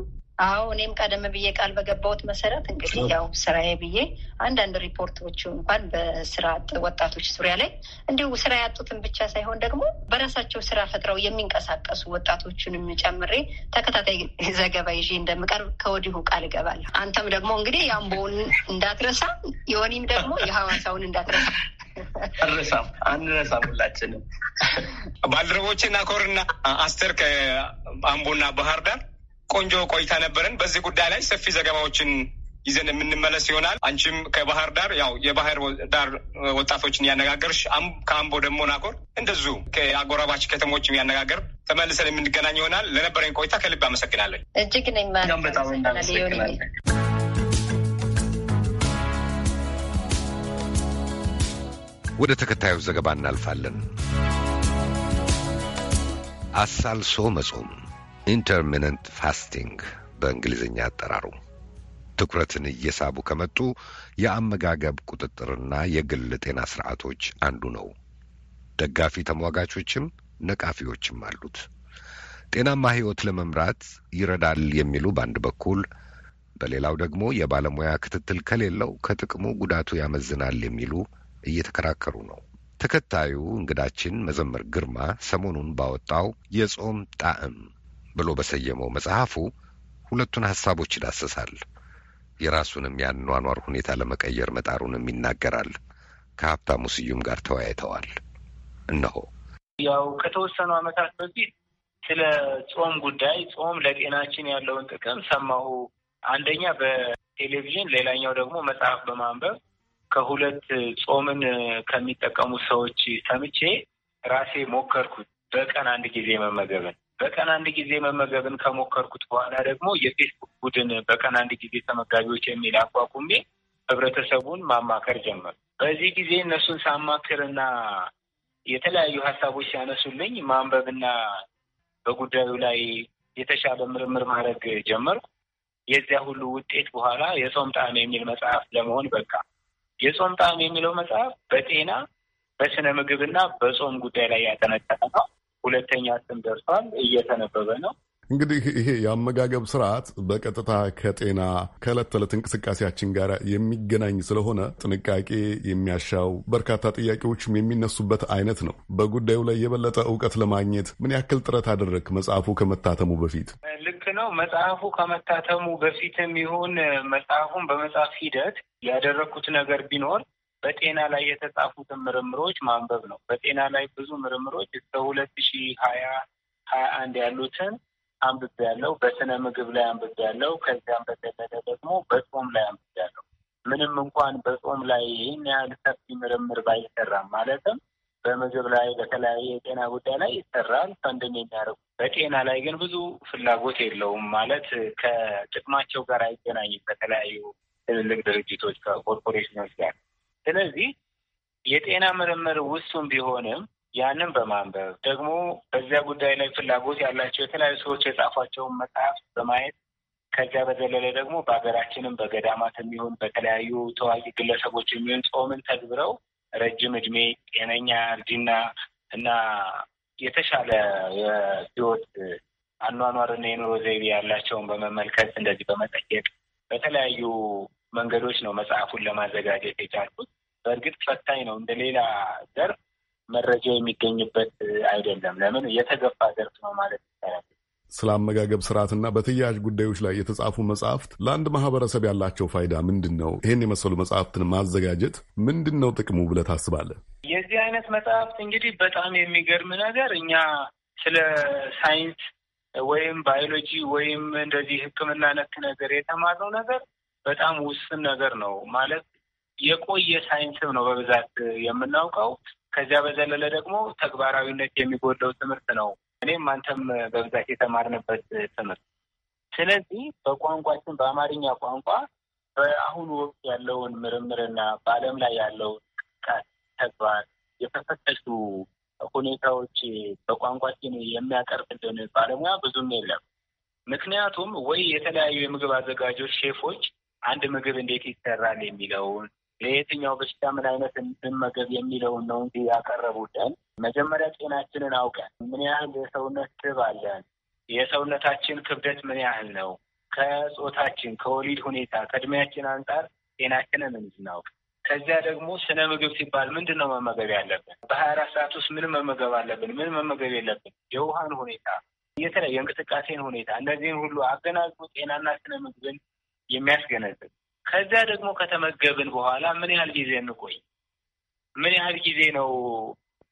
አዎ እኔም ቀደም ብዬ ቃል በገባሁት መሰረት እንግዲህ ያው ስራዬ ብዬ አንዳንድ ሪፖርቶቹ እንኳን በስራ አጥ ወጣቶች ዙሪያ ላይ እንዲሁ ስራ ያጡትን ብቻ ሳይሆን ደግሞ በራሳቸው ስራ ፈጥረው የሚንቀሳቀሱ ወጣቶችንም ጨምሬ ተከታታይ ዘገባ ይዤ እንደምቀርብ ከወዲሁ ቃል እገባለሁ። አንተም ደግሞ እንግዲህ የአምቦውን እንዳትረሳ፣ ዮኒም ደግሞ የሐዋሳውን እንዳትረሳ። አንረሳም አንረሳም ሁላችንም። ባልደረቦቼ ናኮርና አስተር ከአምቦና ባህር ዳር ቆንጆ ቆይታ ነበረን። በዚህ ጉዳይ ላይ ሰፊ ዘገባዎችን ይዘን የምንመለስ ይሆናል። አንቺም ከባህር ዳር ያው የባህር ዳር ወጣቶችን ያነጋገርሽ፣ ከአምቦ ደግሞ ናኮር እንደዚሁ ከአጎራባች ከተሞችም ያነጋገር ተመልሰን የምንገናኝ ይሆናል። ለነበረኝ ቆይታ ከልብ አመሰግናለን። እጅግ በጣም ወደ ተከታዩ ዘገባ እናልፋለን። አሳልሶ መጾም ኢንተርሚነንት ፋስቲንግ በእንግሊዝኛ አጠራሩ ትኩረትን እየሳቡ ከመጡ የአመጋገብ ቁጥጥርና የግል ጤና ስርዓቶች አንዱ ነው። ደጋፊ ተሟጋቾችም ነቃፊዎችም አሉት። ጤናማ ሕይወት ለመምራት ይረዳል የሚሉ በአንድ በኩል፣ በሌላው ደግሞ የባለሙያ ክትትል ከሌለው ከጥቅሙ ጉዳቱ ያመዝናል የሚሉ እየተከራከሩ ነው። ተከታዩ እንግዳችን መዘምር ግርማ ሰሞኑን ባወጣው የጾም ጣዕም ብሎ በሰየመው መጽሐፉ ሁለቱን ሐሳቦች ይዳሰሳል። የራሱንም የአኗኗር ሁኔታ ለመቀየር መጣሩንም ይናገራል። ከሀብታሙ ስዩም ጋር ተወያይተዋል። እነሆ። ያው ከተወሰኑ ዓመታት በፊት ስለ ጾም ጉዳይ ጾም ለጤናችን ያለውን ጥቅም ሰማሁ። አንደኛ በቴሌቪዥን፣ ሌላኛው ደግሞ መጽሐፍ በማንበብ ከሁለት ጾምን ከሚጠቀሙ ሰዎች ሰምቼ ራሴ ሞከርኩት። በቀን አንድ ጊዜ መመገብን በቀን አንድ ጊዜ መመገብን ከሞከርኩት በኋላ ደግሞ የፌስቡክ ቡድን በቀን አንድ ጊዜ ተመጋቢዎች የሚል አቋቁሜ ህብረተሰቡን ማማከር ጀመር። በዚህ ጊዜ እነሱን ሳማክርና የተለያዩ ሀሳቦች ሲያነሱልኝ ማንበብና በጉዳዩ ላይ የተሻለ ምርምር ማድረግ ጀመርኩ። የዚያ ሁሉ ውጤት በኋላ የጾም ጣዕም የሚል መጽሐፍ ለመሆን በቃ። የጾም ጣዕም የሚለው መጽሐፍ በጤና በስነ ምግብና በጾም ጉዳይ ላይ ያጠነጠነ ነው። ሁለተኛ ስም ደርሷል፣ እየተነበበ ነው። እንግዲህ ይሄ የአመጋገብ ስርዓት በቀጥታ ከጤና ከዕለት ተዕለት እንቅስቃሴያችን ጋር የሚገናኝ ስለሆነ ጥንቃቄ የሚያሻው በርካታ ጥያቄዎችም የሚነሱበት አይነት ነው። በጉዳዩ ላይ የበለጠ እውቀት ለማግኘት ምን ያክል ጥረት አደረግ መጽሐፉ ከመታተሙ በፊት? ነው መጽሐፉ ከመታተሙ በፊትም ይሁን መጽሐፉን በመጻፍ ሂደት ያደረግኩት ነገር ቢኖር በጤና ላይ የተጻፉትን ምርምሮች ማንበብ ነው። በጤና ላይ ብዙ ምርምሮች እስከ ሁለት ሺ ሀያ ሀያ አንድ ያሉትን አንብብ ያለው በስነ ምግብ ላይ አንብብ ያለው ከዚያም በተለለ ደግሞ በጾም ላይ አንብብ ያለው ምንም እንኳን በጾም ላይ ይህን ያህል ሰፊ ምርምር ባይሰራም ማለትም በምግብ ላይ በተለያየ የጤና ጉዳይ ላይ ይሰራል ፈንድን የሚያደርጉ በጤና ላይ ግን ብዙ ፍላጎት የለውም ማለት ከጥቅማቸው ጋር አይገናኝም ከተለያዩ ትልልቅ ድርጅቶች ከኮርፖሬሽኖች ጋር። ስለዚህ የጤና ምርምር ውሱን ቢሆንም ያንን በማንበብ ደግሞ በዚያ ጉዳይ ላይ ፍላጎት ያላቸው የተለያዩ ሰዎች የጻፏቸውን መጽሐፍ በማየት ከዚያ በዘለለ ደግሞ በሀገራችንም በገዳማት የሚሆን በተለያዩ ተዋቂ ግለሰቦች የሚሆን ጾምን ተግብረው ረጅም እድሜ፣ ጤነኛ እርጅና እና የተሻለ የህይወት አኗኗርና የኑሮ ዘይቤ ያላቸውን በመመልከት እንደዚህ በመጠየቅ በተለያዩ መንገዶች ነው መጽሐፉን ለማዘጋጀት የቻልኩት። በእርግጥ ፈታኝ ነው። እንደ ሌላ ዘርፍ መረጃ የሚገኝበት አይደለም። ለምን የተገፋ ዘርፍ ነው ማለት ይቻላል። ስለ አመጋገብ ስርዓትና በተያያዥ ጉዳዮች ላይ የተጻፉ መጽሐፍት ለአንድ ማህበረሰብ ያላቸው ፋይዳ ምንድን ነው? ይህን የመሰሉ መጽሐፍትን ማዘጋጀት ምንድን ነው ጥቅሙ ብለህ ታስባለህ? የዚህ አይነት መጽሐፍት እንግዲህ በጣም የሚገርም ነገር እኛ ስለ ሳይንስ ወይም ባዮሎጂ ወይም እንደዚህ ሕክምና ነክ ነገር የተማረው ነገር በጣም ውስን ነገር ነው። ማለት የቆየ ሳይንስም ነው በብዛት የምናውቀው። ከዚያ በዘለለ ደግሞ ተግባራዊነት የሚጎደው ትምህርት ነው እኔም አንተም በብዛት የተማርንበት ትምህርት። ስለዚህ በቋንቋችን በአማርኛ ቋንቋ በአሁኑ ወቅት ያለውን ምርምርና በዓለም ላይ ያለውን ቃል ተግባር የተፈተሹ ሁኔታዎች በቋንቋችን የሚያቀርብልን ባለሙያ ብዙም የለም። ምክንያቱም ወይ የተለያዩ የምግብ አዘጋጆች ሼፎች አንድ ምግብ እንዴት ይሰራል የሚለውን ለየትኛው በሽታ ምን አይነት እንመገብ የሚለውን ነው እንጂ ያቀረቡልን መጀመሪያ ጤናችንን አውቀን ምን ያህል የሰውነት ትብ አለን፣ የሰውነታችን ክብደት ምን ያህል ነው፣ ከጾታችን ከወሊድ ሁኔታ ከእድሜያችን አንጻር ጤናችንን እንድናውቅ ከዚያ ደግሞ ስነ ምግብ ሲባል ምንድን ነው መመገብ ያለብን? በሀያ አራት ሰዓት ውስጥ ምን መመገብ አለብን? ምን መመገብ የለብን? የውሃን ሁኔታ፣ የተለያዩ የእንቅስቃሴን ሁኔታ፣ እነዚህን ሁሉ አገናዝቦ ጤናና ስነ ምግብን የሚያስገነዝብ ከዚያ ደግሞ ከተመገብን በኋላ ምን ያህል ጊዜ እንቆይ? ምን ያህል ጊዜ ነው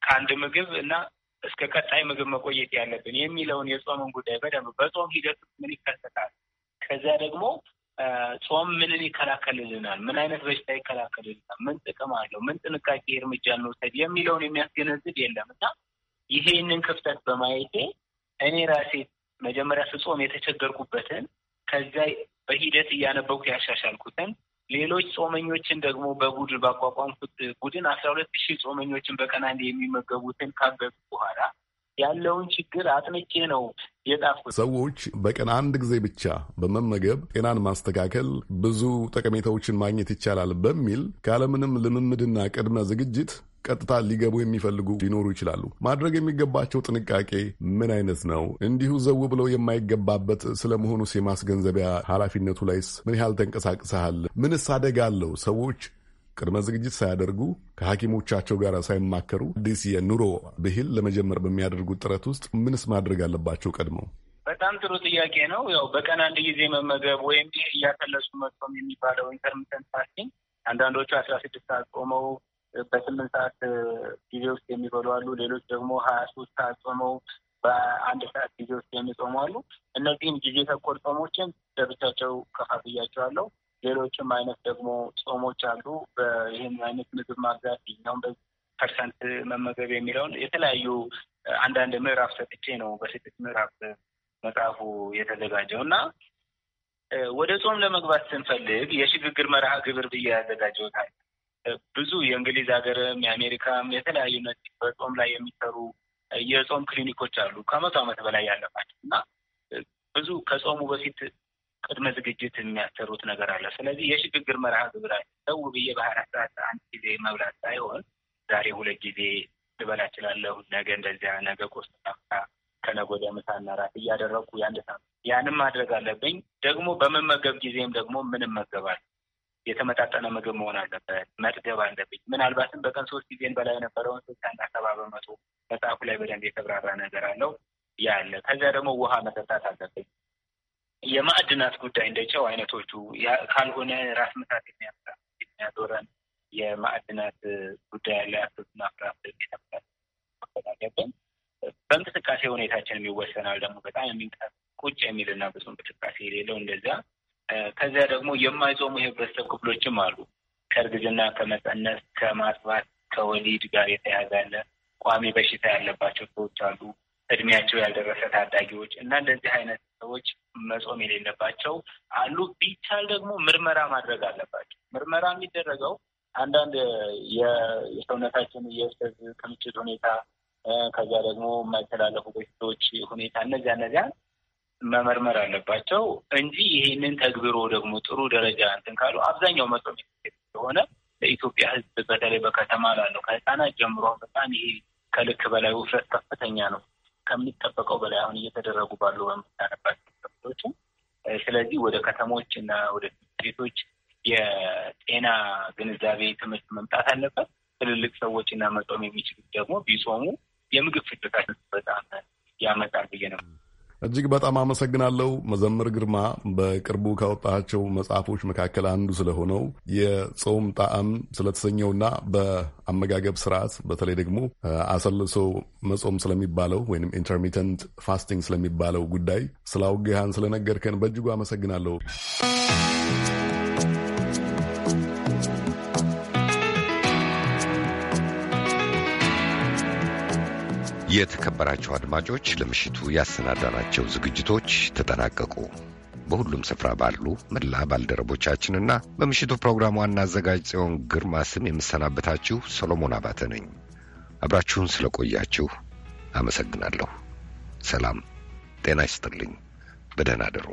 ከአንድ ምግብ እና እስከ ቀጣይ ምግብ መቆየት ያለብን የሚለውን የጾምን ጉዳይ በደንብ በጾም ሂደት ምን ይከሰታል፣ ከዚያ ደግሞ ጾም ምንን ይከላከልልናል፣ ምን አይነት በሽታ ይከላከልልናል፣ ምን ጥቅም አለው፣ ምን ጥንቃቄ እርምጃ እንውሰድ የሚለውን የሚያስገነዝብ የለም እና ይሄንን ክፍተት በማየቴ እኔ ራሴ መጀመሪያ ስጾም የተቸገርኩበትን ከዚያ በሂደት እያነበብኩ ያሻሻልኩትን ሌሎች ጾመኞችን ደግሞ በቡድን ባቋቋምኩት ቡድን አስራ ሁለት ሺህ ጾመኞችን በቀን አንዴ የሚመገቡትን ካገዙ በኋላ ያለውን ችግር አጥንቼ ነው የጣፍኩት። ሰዎች በቀን አንድ ጊዜ ብቻ በመመገብ ጤናን ማስተካከል ብዙ ጠቀሜታዎችን ማግኘት ይቻላል በሚል ካለምንም ልምምድና ቅድመ ዝግጅት ቀጥታ ሊገቡ የሚፈልጉ ሊኖሩ ይችላሉ። ማድረግ የሚገባቸው ጥንቃቄ ምን አይነት ነው? እንዲሁ ዘው ብለው የማይገባበት ስለመሆኑስ የማስገንዘቢያ ኃላፊነቱ ላይስ ምን ያህል ተንቀሳቅሰሃል? ምንስ አደጋ አለው? ሰዎች ቅድመ ዝግጅት ሳያደርጉ ከሐኪሞቻቸው ጋር ሳይማከሩ አዲስ የኑሮ ብሂል ለመጀመር በሚያደርጉት ጥረት ውስጥ ምንስ ማድረግ አለባቸው ቀድመው? በጣም ጥሩ ጥያቄ ነው። ያው በቀን አንድ ጊዜ መመገብ ወይም እያፈለሱ መጾም የሚባለው ኢንተርሚተንት ፋስቲንግ አንዳንዶቹ አስራ ስድስት ሰዓት ቆመው በስምንት ሰዓት ጊዜ ውስጥ የሚበሉ አሉ። ሌሎች ደግሞ ሀያ ሶስት ሰዓት ጾመው በአንድ ሰዓት ጊዜ ውስጥ የሚጾሙ አሉ። እነዚህም ጊዜ ተኮር ጾሞችን ለብቻቸው ከፋፍያቸዋለሁ። ሌሎችም አይነት ደግሞ ጾሞች አሉ። ይህን አይነት ምግብ ማብዛት ይኛውም ፐርሰንት መመገብ የሚለውን የተለያዩ አንዳንድ ምዕራፍ ሰጥቼ ነው በስድስት ምዕራፍ መጽሐፉ የተዘጋጀው እና ወደ ጾም ለመግባት ስንፈልግ የሽግግር መርሃ ግብር ብዬ ያዘጋጀውታል። ብዙ የእንግሊዝ ሀገርም የአሜሪካም የተለያዩ እነዚህ በጾም ላይ የሚሰሩ የጾም ክሊኒኮች አሉ ከመቶ ዓመት በላይ ያለባቸው እና ብዙ ከጾሙ በፊት ቅድመ ዝግጅት የሚያሰሩት ነገር አለ። ስለዚህ የሽግግር መርሃ ግብራ ሰው ብዬ በሀያ አራት ሰዓት አንድ ጊዜ መብላት ሳይሆን ዛሬ ሁለት ጊዜ ልበላ እችላለሁ፣ ነገ እንደዚያ፣ ነገ ቁርስ ናፍታ፣ ከነገ ወዲያ ምሳና ራት እያደረግኩ ያንድ ሰዓት ያንም ማድረግ አለብኝ። ደግሞ በመመገብ ጊዜም ደግሞ ምን እመገባለሁ የተመጣጠነ ምግብ መሆን አለበት፣ መጥገብ አለብኝ። ምናልባትም በቀን ሶስት ጊዜን በላይ የነበረውን ስልሳ እና ሰባ በመቶ መጽሐፉ ላይ በደንብ የተብራራ ነገር አለው ያለ። ከዚያ ደግሞ ውሃ መጠጣት አለብኝ። የማዕድናት ጉዳይ እንደ ጨው አይነቶቹ ካልሆነ ራስ ምታት የሚያዞረን የማዕድናት ጉዳይ ያለ አትክልትና ፍራፍሬ አለብን። በእንቅስቃሴ ሁኔታችን የሚወሰናል ደግሞ በጣም የሚንቀ ቁጭ የሚልና ብዙ እንቅስቃሴ የሌለው እንደዚያ ከዚያ ደግሞ የማይጾሙ የህብረተሰብ ክፍሎችም አሉ። ከእርግዝና፣ ከመፀነስ፣ ከማጥባት፣ ከወሊድ ጋር የተያዘ ያለ ቋሚ በሽታ ያለባቸው ሰዎች አሉ። እድሜያቸው ያልደረሰ ታዳጊዎች እና እንደዚህ አይነት ሰዎች መጾም የሌለባቸው አሉ። ቢቻል ደግሞ ምርመራ ማድረግ አለባቸው። ምርመራ የሚደረገው አንዳንድ የሰውነታችን የስብ ክምችት ሁኔታ ከዚያ ደግሞ የማይተላለፉ በሽታዎች ሁኔታ እነዚያ እነዚያን መመርመር አለባቸው እንጂ ይህንን ተግብሮ ደግሞ ጥሩ ደረጃ እንትን ካሉ አብዛኛው መቶ ስለሆነ ለኢትዮጵያ ሕዝብ በተለይ በከተማ ላለው ከህፃናት ጀምሮ በጣም ይሄ ከልክ በላይ ውፍረት ከፍተኛ ነው ከሚጠበቀው በላይ አሁን እየተደረጉ ባሉ በምታነባቸው ሰዎች። ስለዚህ ወደ ከተሞች እና ወደ ቤቶች የጤና ግንዛቤ ትምህርት መምጣት አለበት። ትልልቅ ሰዎች እና መጾም የሚችሉት ደግሞ ቢጾሙ የምግብ ፍጆታ በጣም ያመጣል ብዬ ነው። እጅግ በጣም አመሰግናለሁ። መዘምር ግርማ በቅርቡ ካወጣቸው መጽሐፎች መካከል አንዱ ስለሆነው የጾም ጣዕም ስለተሰኘውና በአመጋገብ ስርዓት በተለይ ደግሞ አሰልሶ መጾም ስለሚባለው ወይም ኢንተርሚተንት ፋስቲንግ ስለሚባለው ጉዳይ ስላውግሃን ስለነገርከን በእጅጉ አመሰግናለሁ። የተከበራቸው አድማጮች ለምሽቱ ያሰናዳናቸው ዝግጅቶች ተጠናቀቁ። በሁሉም ስፍራ ባሉ መላ ባልደረቦቻችንና በምሽቱ ፕሮግራም ዋና አዘጋጅ ጽዮን ግርማ ስም የምሰናበታችሁ ሰሎሞን አባተ ነኝ። አብራችሁን ስለቆያችሁ አመሰግናለሁ። ሰላም ጤና ይስጥልኝ። በደህና አደሩ።